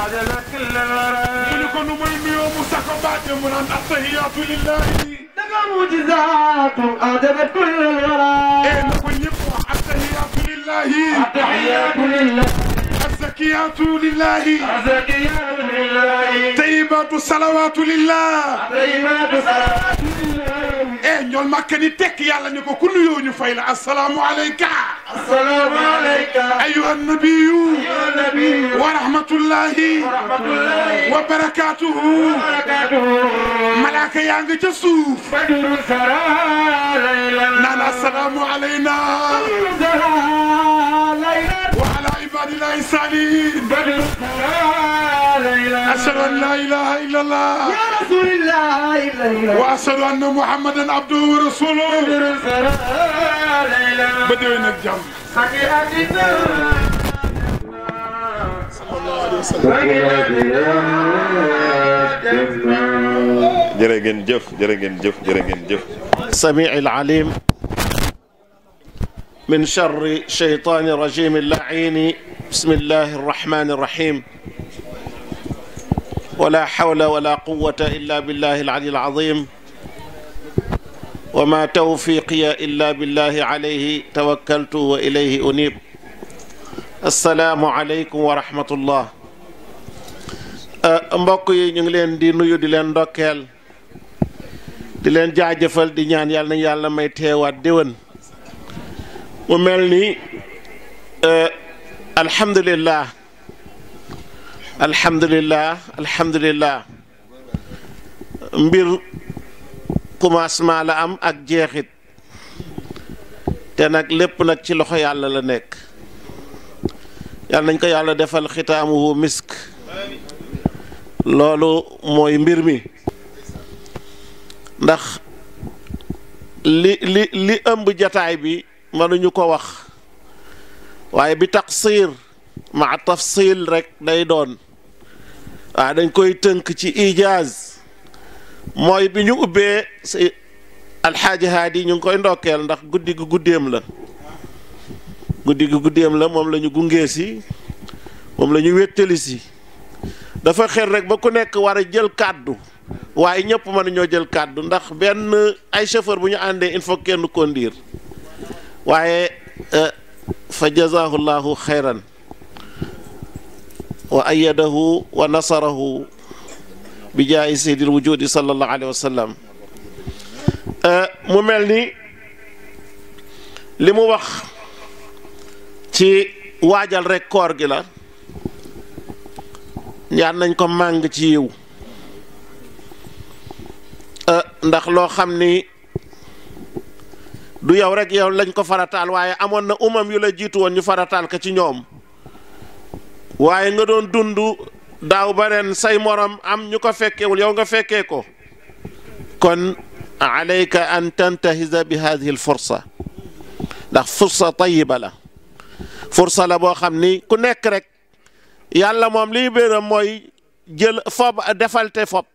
awjabatul wara ni ko nu muy nuyoo mu sako baate mu naan attahiyatu lillahi معجزات أعجبت كل الورى نقول يبقى التحيات لله التحيات لله الزكيات لله الزكيات لله طيبات الصلوات لله طيبات الصلوات لله eh ñool màkk ni tekk yàlla ni ko ku nuyoo ñu fay la asalaamu aleyka asalaamu aleyka ayuha nabiyu wa rahmatullahi wa barakatuhu malaaka yaa nga ca suuf naan asalaamu aleyna عباد الله الصالحين بدر أشهد أن لا إله إلا الله يا رسول الله وأشهد أن محمدا عبده ورسوله بدر نجم jërë ngeen jëf jërë ngeen jëf jërë ngeen jëf. Samiil Aliim من شر شيطان رجيم اللعين بسم الله الرحمن الرحيم ولا حول ولا قوة إلا بالله العلي العظيم وما توفيقي إلا بالله عليه توكلت وإليه أنيب السلام عليكم ورحمة الله mbokk yi ñu ngi leen di nuyu di leen ndokkeel di leen jaajëfal di ñaan yàlla nañ yàlla may teewaat déwén mu mel ni e, alhamdulillah alhamdulillah alhamdulillah mbir commencement la am ak jeexit te nag lépp nag ci loxo yàlla la nekk yàlla nañ ko yàlla defal xitaamuhu misk loolu mooy mbir mi ndax li li ëmb jataay bi mënuñu ko wax waaye bi taqsiir ma tafsil rek day doon waaw dañ koy tënk ci ijaaz mooy bi ñu ubbee si alxaaji haadi ñu ngi koy ndokkeel ndax guddi gi guddeem la guddi gi la moom lañu ñu si moom la ñu si dafa xel rek ba ku nekk war a jël kàddu waaye ñëpp mën ñoo jël kàddu ndax benn ay chauffeur bu ñu àndee il faut kenn conduire waaye eh, fa jazaahu llahu xayran wa ayadahu wa nasarahu bi jaayi sayyidil wujudi sallallahu alayhi wa sallam eh, mu mel ni li mu wax ci waajal rek koor gi la ñaan nañ ko màng ci yiw eh, ndax loo xam ni du yow rek yow lañ ko farataal waaye amoon na umam yu la jiitu woon ñu farataal ko ci ñoom waaye nga doon dundu daaw ba say morom am ñu ko fekkewul yow nga fekkee ko kon alayka an tantahisa bi hadihi l fursa ndax fursa tayiba la fursa la boo xam ni ku nekk rek yàlla moom liy béram mooy jël fob defalte fob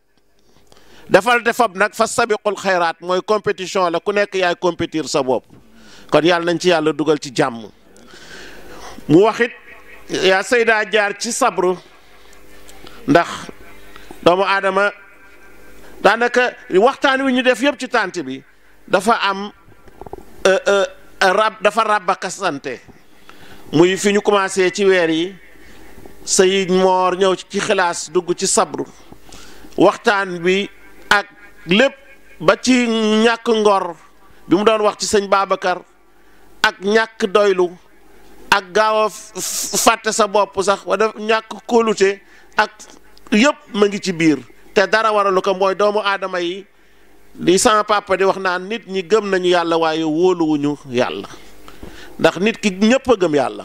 defal defab nag fa sabiqul xayraat mooy compétition la ku nekk yaay compétir sa bopp kon yàlla nañ ci yàlla dugal ci jàmm mu waxit yaa saydaa jaar ci sabru ndax doomu aadama daanaka waxtaan wi ñu def yëpp ci tànt bi dafa am euh, euh, euh, rab dafa rabba kasante muy fi ñu commencé ci weer yi sëy moor ñëw ci xilaas dugg ci sabru waxtaan bi lépp ba ci ñàkk ngor bi mu doon wax ci sëñ baabakar ak ñàkk doylu ak gaawa a fàtte sa bopp sax wala ñàkk kóolute ak yëpp ma ngi ci biir te dara waralu ko mooy doomu aadama yi li sama papa di wax naan nit ñi gëm nañu yàlla waaye wóoluwuñu yàlla ndax nit ki ñëpp gëm yàlla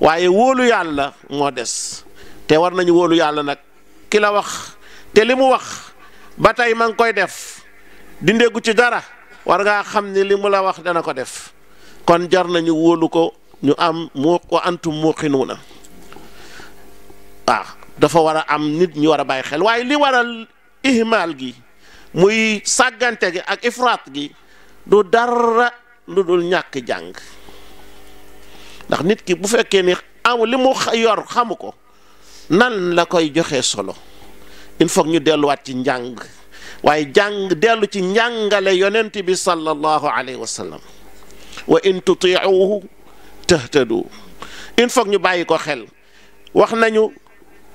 waaye wóolu yàlla moo des te war nañu wóolu yàlla nag ki la wax te li mu wax. ba tey ma ngi koy def dindeegu ci dara war ngaa xam ni li mu la wax dana ko def kon jar nañu wóolu ko ñu am mu wa antum muuqinuuna waaw dafa war a am nit ñu war a bàyyi xel waaye li waral ihmaal gi muy sàggante gi ak ifraat gi du dara lu dul ñàkk jàng ndax nit ki bu fekkee ni am li mu yor xamu ko nan la koy joxe solo il faut ñu delluwaat ci njàng waaye jàng dellu ci njàngale yonent bi sallallahu alayhi wa sallam wa in tutiuhu tahtadu il faut ñu bàyyi ko xel wax nañu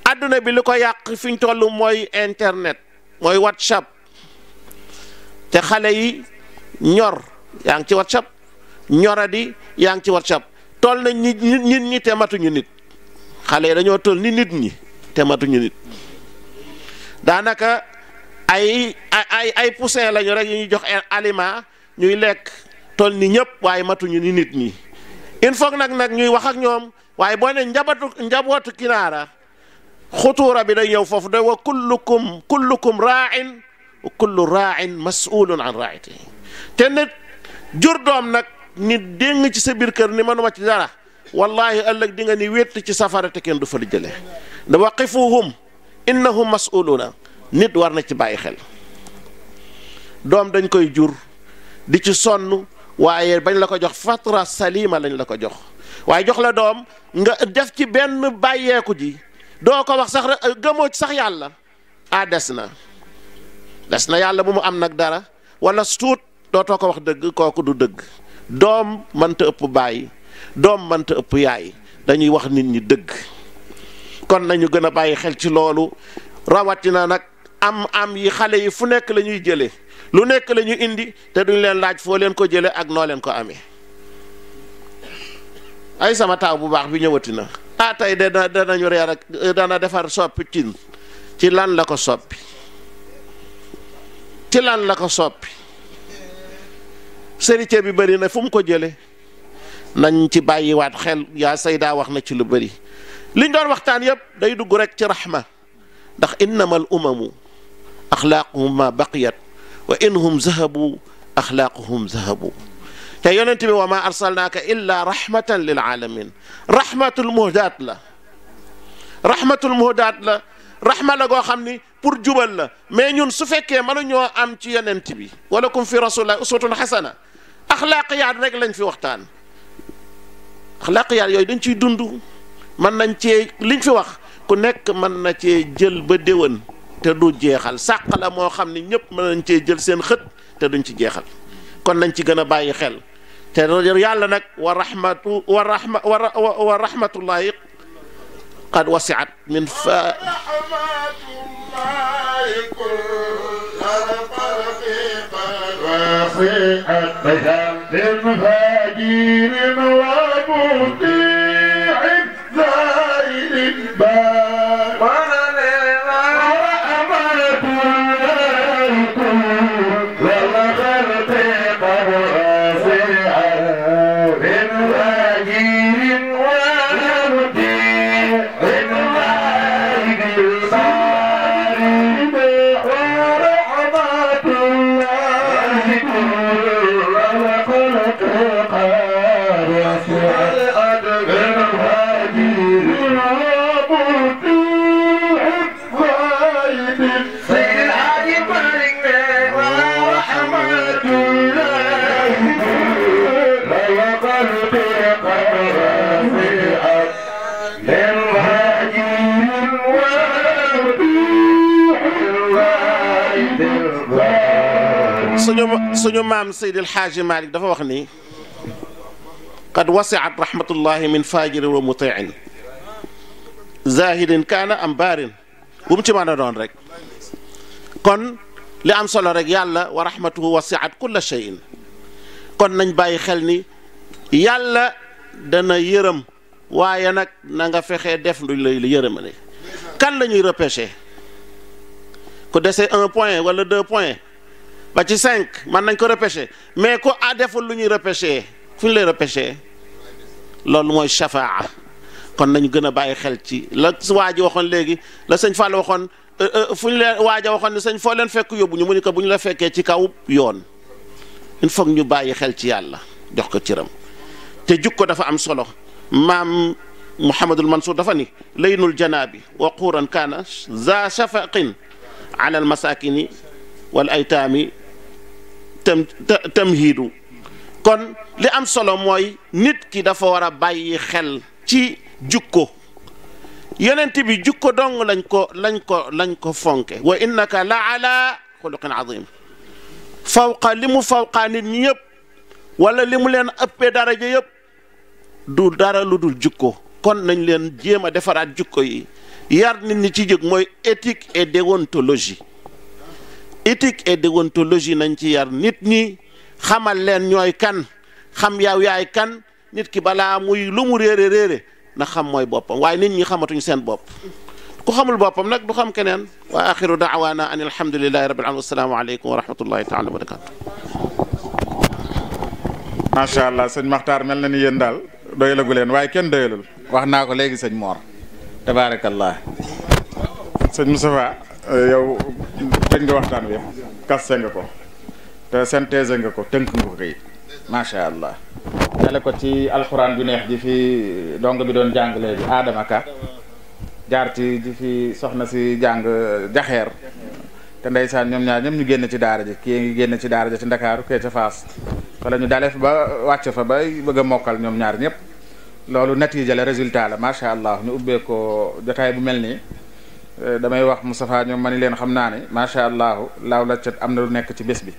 àdduna bi li ko yàq fiñ ñu mooy internet mooy whatsapp te xale yi ñor yaa ngi ci whatsapp ñoradi yaa ngi ci whatsapp toll nañ nit ñi te matuñu nit xale yi dañoo toll ni nit ñi te matuñu nit. daanaka ay ay ay poussin lañu rek yu ñuy jox aliment ñuy lekk toll ni ñëpp waaye matuñu ni nit ñi il faut nag nag ñuy wax ak ñoom waaye boo ne njabatu njabootu kinaara xutuura bi day ñëw foofu da wa kullukum kullukum raain wa kullu raain masulun an raayati te nit jur doom nag nit déng ci sa biir kër ni manuma ci dara wallahi ëllëg di nga ni wétt ci safara te kenn du fa li jële da waqifuhum innahum na nit war na ci bàyyi xel doom dañ koy jur di ci sonn waaye bañ la ko jox fatra salima lañ la ko jox waaye jox la doom nga def ci benn bàyyeeku ji doo ko wax sax gëmoo ci sax yàlla ah des na des na yàlla bu mu am nag dara walla suut dootoo ko wax dëgg kooku du dëgg doom mënta ëpp bàyyi doom mënta ëpp yaay dañuy wax nit ñi dëgg kon nañu gën a bàyyi xel ci loolu rawatina nag am am yi xale yi fu nekk lañuy ñuy jëlee lu nekk la indi te duñ leen laaj foo leen ko jëlee ak noo leen ko amee ay sama taaw bu baax bi ñëwati na ah tey de danañu reer ak dana defar soppi cin ci lan la ko soppi ci lan la ko soppi serite bi bari na fu mu ko jële nañ ci bàyyiwaat xel yaa saydaa wax na ci lu bari liñ doon waxtaan yëpp day dugg rek ci raxma ndax innamal umamu axlaaquhum ma baqiyat wa inhum zahabu axlaaquhum zahabu te yonent bi wa ma arsalnaaka illa rahmatan lil alamin rahmatul muhdaat la rahmatul muhdaat la rahma la goo xam ni pour jubal la mais ñun su fekkee mënuñoo am ci yonent bi walakum fi rasulillah uswatun xasana axlaaqiyaat rek lañ fi waxtaan axlaaqiyaat yooyu dañ ciy dund man nañ cee liñ fi wax ku nekk mën na cee jël ba déwén te du jeexal sàq la moo xam ni ñëpp mën nañ cee jël seen xët te duñ ci jeexal kon nañ ci gën a bàyyi xel te yàlla nag wa rahmatu wa rahma wa rahmatullahi qad wasiat min fa وسعت بها للمهاجرين موابوطين suñu suñu maam Seydil Xaaji Malik dafa wax ni qad wasiat rahmatullahi min fajirin wa mutiin zahidin kaana am baarin bu mu ci mën a doon rek kon li am solo rek yàlla wa rahmatuhu wasiat kulla cheyin kon nañ bàyyi xel ni yàlla dana yërëm waaye nag na nga fexe def luñ lay yërëmale kan la ñuy repêché ku dese un point wala deux points ba ci cinq mën nañ ko repêché mais ko a deful lu ñuy repêché fu ñu lay repêché loolu mooy shafaa kon nañu gën a bàyyi xel ci la waa ji waxoon léegi la sëñ Fall waxoon euh, euh, fu ñu leen waaja waxoon ne sëñ foo leen fekk yóbbu ñu mu ni ko bu ñu la fekkee ci kaw yoon il faut ñu bàyyi xel ci yàlla jox ko cëram te jukko dafa am solo maam Mouhamadul Mansour dafa ni laynul janaabi wa quuran kaana za shafaqin ala al masakini wal aytaami tam tamhiidu kon li am solo mooy nit ki dafa war a bàyyi xel ci jukko yonent bi jukko dong lañ ko lañ ko lañ ko fonke wa innaka la ala xuluqin azim fawqa li mu fawqaa nit ñi yëpp wala li mu leen ëppee daraja yëpp du dara lu dul jukko kon nañ leen jéem a defaraat jukko yi yar nit ñi ci jóg mooy éthique et déontologie éthique et déontologie nañ ci yar nit ñi xamal leen ñooy kan xam yaw yaay kan nit ki balaa muy lu mu réere réere na xam mooy boppam waaye nit ñi xamatuñu seen bopp ku xamul boppam nag du xam keneen wa axiru daawaana an alhamdulilahi rabbil alamin wassalaamu aleykum wa rahmatullahi taala sëñ maxtaar mel na ni yéen daal doyalagu leen waaye kenn doyalul wax naa ko léegi sëñ moor tabaarakallah sëñ Moustapha Euh, yow tëj nga waxtaan bi kaste nga ko te synthèse nga ko tënk nga ko kay macha allah jale ko ci alxuraan bu neex di fi dong bi doon jàng léegi Adama Ka jaar ci di fi soxna si jàng euh, jaxeer te ndeysaan ñoom ñaar ñoom ñu génn ci daara ji kii ngi génn ci daara ji ci ndakaaru kee ca faas wala ñu daleef ba wàcc fa ba bëgg a mokkal ñoom ñaar ñëpp loolu natiija la résultat la macha allah ñu ubbee ko jotaay bu mel nii Euh, damay wax Moustapha ñoom ma ni leen xam naa ne macha allah laaw la cat am na lu nekk ci bés bi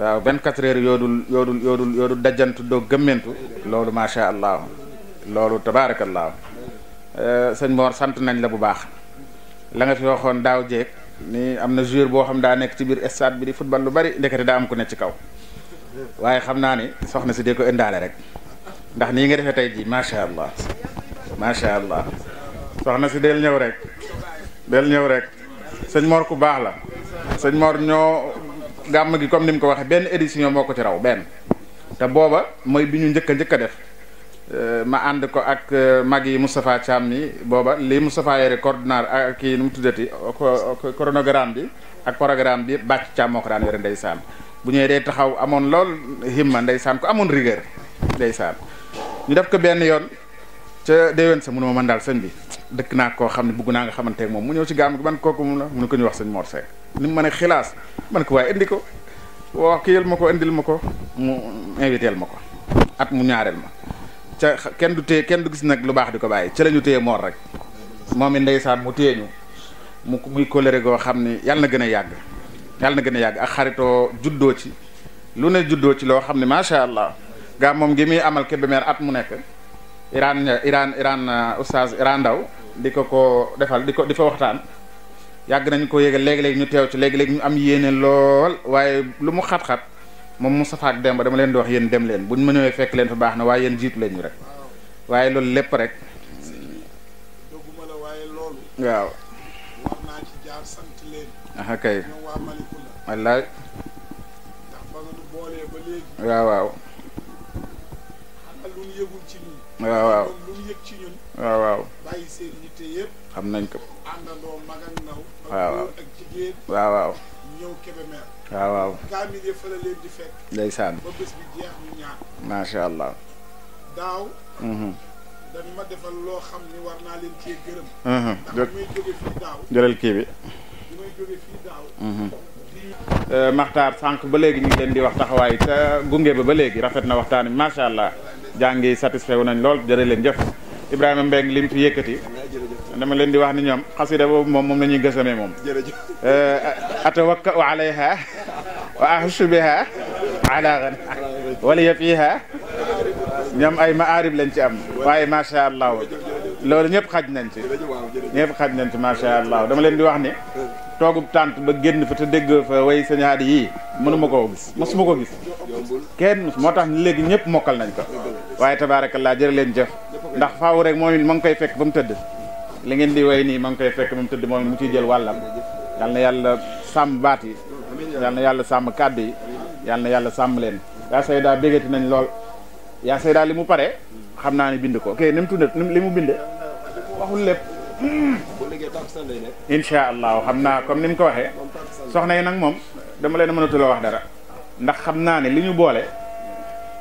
waaw 24 heures yoodul yoodul yoodul yoodul dajjantu doo gëmmentu loolu macha allah loolu tabaarakallah euh, sëñ Mor sant nañ la bu baax la nga fi waxoon daaw jeeg ni am na joueur boo xam daa nekk ci biir stade bi di football lu bari ndekete daa am ku ne ci kaw waaye xam naa ni soxna si dee ko indaale rek ndax nii nga defee tey jii macha allah macha allah soxna si del ñëw rek sëñ Mor ku baax la sëñ moor ñoo gàmm gi comme ni mu ko waxee benn édition moo ko ci raw benn te booba mooy bi ñu njëkk a njëkk a def euh, ma ànd ko ak euh, mag yi Moustapha Thiam ni booba lii Moustapha yore coordinateur ak kii nu mu tuddati chronogramme bi ak programme bi bàcc Thiam moo ko daan ndeysaan bu ñëwee dee taxaw amoon lool himma ndeysaan ko amoon rigueur ndeysaan ñu def ko benn yoon ca déwén sa mënuma mën daal sëñ bi dëkk naa koo xam ne bugg naa nga xamante moom mu ñëw ci gaam gi man kooku mu la mu ne ko ñu ni mu ma ne xilaas man ko waaye indi ko wax kiyal ma ko indil ma ko mu inviteel ma ko at mu ñaareel ma ca kenn du téye kenn du gis nag lu baax di ko bàyyi ca la ñu téye Mor rek moom it ndeysaan mu téye ñu mu muy colère goo xam ni yàlla na gën a yàgg yàlla na gën a yàgg ak xaritoo juddoo ci lu ne juddoo ci loo xam ne macha allah gaa moom ngi muy amal Kébémer at mu nekk Iran Iran Iran oustaz di ko ko defal di ko di fa waxtaan yàgg nañu ko yégal léegi-léegi ñu teew ci léegi-léegi ñu am yéene lool waaye lu mu xat-xat moom Moustapha ak Demba dama leen di wax yéen dem leen buñ ma ñëwee fekk leen fa baax na waaye yéen jiitu leen ñu rek waaye loolu lépp rek waaye loolu waaw war kay wallaay waaw waaw waaw waaw waaw waaw. xam nañ ko. àndandoo mag ak ndaw. waaw waaw waaw waaw. waaw waaw. kaamil yi fa allah. daaw. Mhm. dañ ma defal loo mhm. kii bi. Mhm. Euh, Maxtaar sànq ba léegi ñu ngi leen di wax taxawaay te gunge bi ba léegi rafet na waxtaan wi macha allah. jàngi satisfait wu nañ lool jërë leen jëf Ibrahima Mbeng li mu fi dama leen di wax ni ñoom xasida boobu moom moom la ñuy gësamee moom eh, atawakkau alayha wa ahushu biha ala gan waliya fiha ñoom ay maarib lañ ci am waaye macha allah loolu ñëpp xaj nañ ci ñëpp xaj nañ ci macha allah dama leen di wax toogub tànt ba génn fa te dégg fa way sëñ Hady yii mënuma koo gis mësuma ko gis kenn moo tax léegi ñëpp mokkal nañ ko waaye laa jërë leen jëf ndax faaw rek moom ma ngi koy fekk ba mu tëdd li ngeen di way nii ma ngi koy fekk ba mu tëdd moom mu ciy jël wàllam yal yàlla sàmm baat yi yal na yàlla sàmm kàddu yi yal na yàlla sàmm leen yaa sayda bégati nañ lool yaa sayda li mu pare xam naa ne bind ko ok ni mu tudd li mu bind incha allah xam naa comme ni mu ko waxee soxna yi nag moom dama leen mënatula wax dara ndax xam naa ne li ñu boole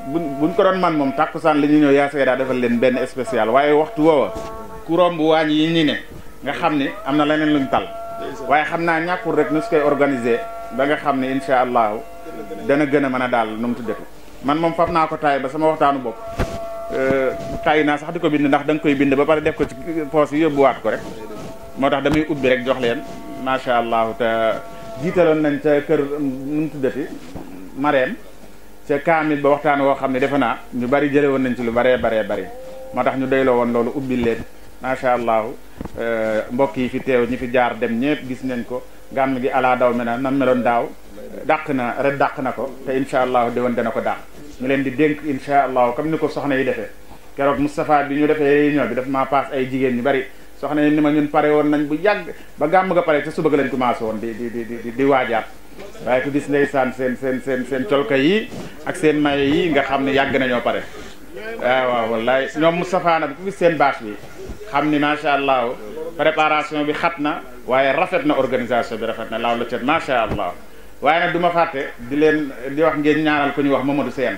bu buñ ko doon man moom tàkkusaan li ñu ñëw yaa daa defal leen benn spécial waaye waxtu woowa ku romb waañ yi ñu ne nga xam ni am na leneen luñ tal waaye xam naa ñàkkul rek nu su koy organiser ba nga xam ne incha allahu dana gën a mën a daal nu mu tuddati man moom fab naa ko taay ba sama waxtaanu bopp euh, taay naa sax di ko bind ndax da nga koy bind ba pare moo tax damay ubbi rek jox leen macha allah te jiitaloon nañ ca kër nu mu tuddati mareem ca kaamil ba waxtaan woo xam ne defe naa ñu bari jële woon nañ ci lu baree bare bari moo tax ñu doyloo woon loolu ubbi leen macha allah euh, mbokk yi fi teew ñi fi jaar dem ñëpp gis nañ ko gàmm gi alaa daw mi na nan meloon daaw daq na rek dàq na ko te incha allah de na ko dàq ñu leen di dénk incha allah comme ni ko soxna yi defee keroog Moustapha bi ñu defee bi daf maa paas ay jigéen ñu bari soxna yi ni ma ñun pare woon nañ bu yàgg ba gàmm nga pare te suba lañ commencé woon di di di di waajaat waaye ku gis ndeysaan seen seen seen seen colka yi ak seen maye yi nga xam ne yàgg nañoo pare waaw waaw wallaay ñoom safaana nag ku gis seen baax bi xam ni macha allah préparation bi xat na waaye rafet na organisation bi rafet na laaw la ca macha allah waaye nag du ma fàtte di leen di wax ngeen ñaanal ko ñu wax seen Sène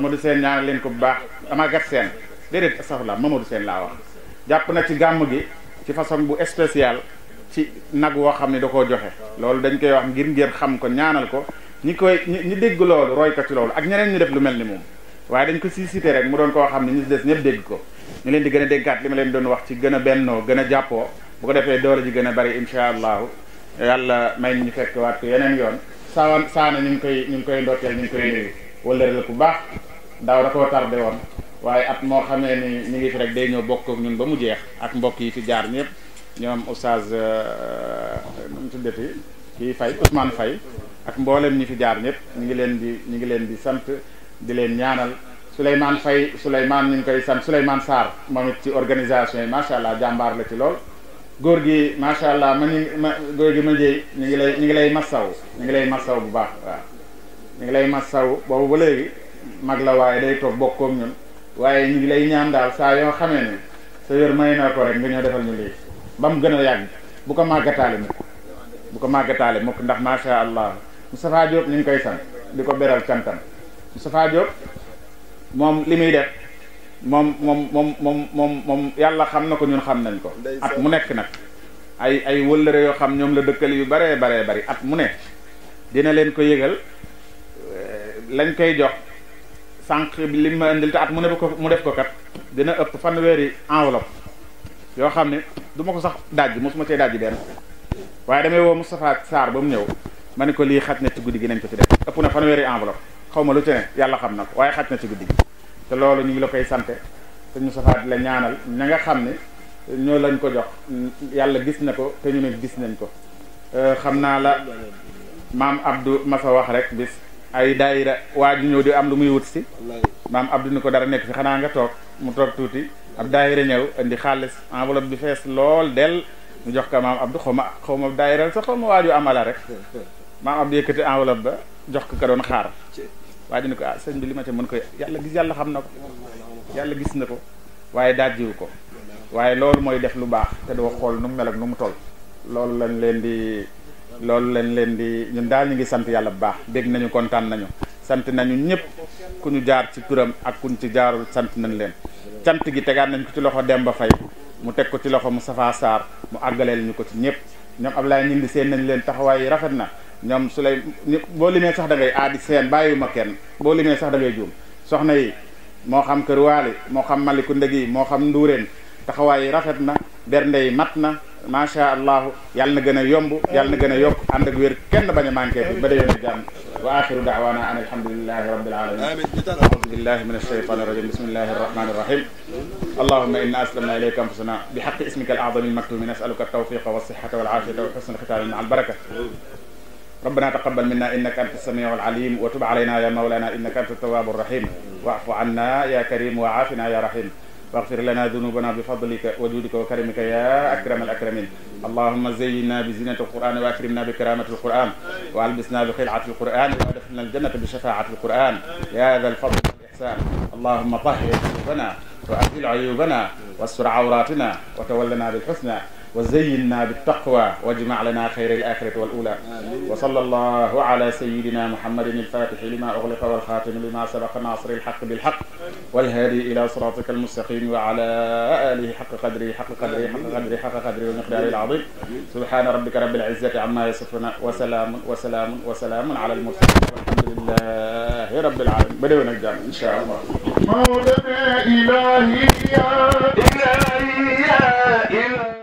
Mamadou seen ñaanal leen ko bu baax Amagat Sène déedéet astaghfirullah Mamadou Sène laa wax jàpp na ci gàmm gi ci façon bu spécial ci nag woo xam ne da koo joxe loolu dañ koy wax ngir ngeen xam ko ñaanal ko ñi koy ñi dégg loolu roy ko ci loolu ak ñeneen ñu def lu mel ni moom waaye dañ ko si cité rek mu doon koo xam ne ñu des ñëpp dégg ko ñu leen di gën a déggaat li ma leen doon wax ci gën a bennoo gën a jàppoo bu ko defee doole ji gën a bari incha allah yàlla may ñu fekk waat ko yeneen yoon saawan saana ñu ngi koy ñu ngi koy ndotteel ñu ngi koy nuyu wala la ku daaw da koo tardé woon waaye at moo xamee ni ñu ngi fi rek day ñëw bokk ñun ba mu jeex ak mbokk yi fi jaar ñëpp ñoom oustaz euh, nu mu tuddati kii Faye Ousmane Faye ak mboolem ñu fi jaar ñëpp ñu ngi leen di ñu ngi leen di sant di leen ñaanal Souleymane Faye Souleymane ñu ngi koy sant Souleymane Sarr moom it ci organisation yi macha allah jàmbaar la ci lool góor gi macha allah ma ñu ma góor gi ma njëy ñu ngi lay ñu ngi lay massaw ñu ngi lay massaw bu baax waaw ñu ngi lay massaw boobu ba léegi mag la waaye day toog bokkoom ñun waaye ñu ngi lay ñaan daal saa yoo xamee ne sa wér may na ko rek nga ñëw defal ñu lii ba mu gën a yàgg bu ko màggataale mukk bu ko màggataale mukk ndax macha allah Moustapha Diop ñu ngi koy san di ko beral cantam Moustapha Diop moom li muy def moom moom moom moom moom yàlla xam na ko ñun xam nañ ko at mu nekk nag ay ay wëllëre yoo xam ñoom la dëkkal yu baree baree bari at mu ne dina leen ko yëgal eh, lañ koy jox sànq li ma indil te at mu ne ko mu def ko kat dina ëpp fanweeri enveloppe yoo xam ne du ma ko sax dajj mosuma cee dajj benn waaye damay woo Moustapha saar ba mu ñëw ma ne ko lii xaj na ci guddi gi nañ ko ci def ëpp na fanweeri enveloppe xaw ma lu te ne yàlla xam na ko waaye xaj na ci guddi gi te loolu ñu ngi la koy sante te Moustapha di la ñaanal na nga xam ne ñoo lañ ko jox yàlla gis na ko te ñu ne gis nañ ko euh, xam naa la maam Abdou Massa wax rek bis ay daayira waa ñëw di am lu muy wut si maam Abdou ni ko dara nekk fi xanaa nga toog mu toog tuuti ab daayira ñëw indi xaalis enveloppe bi fees lool del mu jox ka maam Abdou xaw ma xaw ma daayira sax xaw ma waaju amala rek maam Abdou yëkkati enveloppe ba jox ko ka doon xaar waa ji ni ko ah sëñ bi li ma ca mën ko yàlla gis yàlla xam na ko yàlla gis na ko waaye daajiwu ko waaye loolu mooy def lu baax te doo xool nu mu mel nu mu toll loolu lañ leen di loolu lañ leen di ñun daal ñu ngi sant yàlla bu baax dégg nañu kontaan nañu sant nañu ñëpp ku ñu jaar ci kuram ak ku ñu ci jaarul sant nañ leen sant gi tegaat nañ ko ci loxo Demba Faye mu teg ko ci loxo mu Moustapha saar mu àggaleel ñu ko ci ñëpp ñoom Ablaye ñu ngi seen nañ leen taxawaay yi rafet na ñoom su lay boo limee sax da ngay aadi seen bàyyi ma kenn boo limee sax da ngay soxna yi moo xam kër moo xam maliku ndëg yi moo xam nduuréen taxawaay yi rafet na bernde yi mat na macha allah yàlla na gën a yomb yàlla na gën a yokk ànd ak wér kenn bañ a manqué bi ba déwén a jàmm wa axiru daawana an alhamdulilahi rabbil alamin audu billahi min alshaytani irrajim bismillahi arrahmani irrahim allahuma inna aslamna ilayka anfusana bi haqqi ismika alazami almaktumi nasaluka altawfiqa walsihata walafiyata wa husna alxitami maa albaraka ربنا تقبل منا انك انت السميع العليم وتب علينا يا مولانا انك انت التواب الرحيم واعف عنا يا كريم وعافنا يا رحيم واغفر لنا ذنوبنا بفضلك وجودك وكرمك يا أكرم الأكرمين اللهم زينا بزينة القرآن وأكرمنا بكرامة القرآن وألبسنا بخلعة القرآن وأدخلنا الجنة بشفاعة القرآن يا ذا الفضل والإحسان اللهم طهر قلوبنا وأزل عيوبنا واستر عوراتنا وتولنا بالحسنى wa zayyinna bi taqwa wajma' lana khayra al akhirati wal ula wa sallallahu ala sayyidina muhammadin al fatih lima ughliqa wal khatim lima sabaqa nasri al haqq bil haqq wal hadi ila siratika al mustaqim wa ala alihi haqq qadri haqq qadri haqq qadri haqq qadri wa miqdari al azim subhana rabbika rabbil izzati amma yasifuna wa salamun wa salamun wa salamun ala al mursalin walhamdulillahi rabbil alamin ba déwén ak jàmm insha allah مولانا إلهي يا إلهي يا إلهي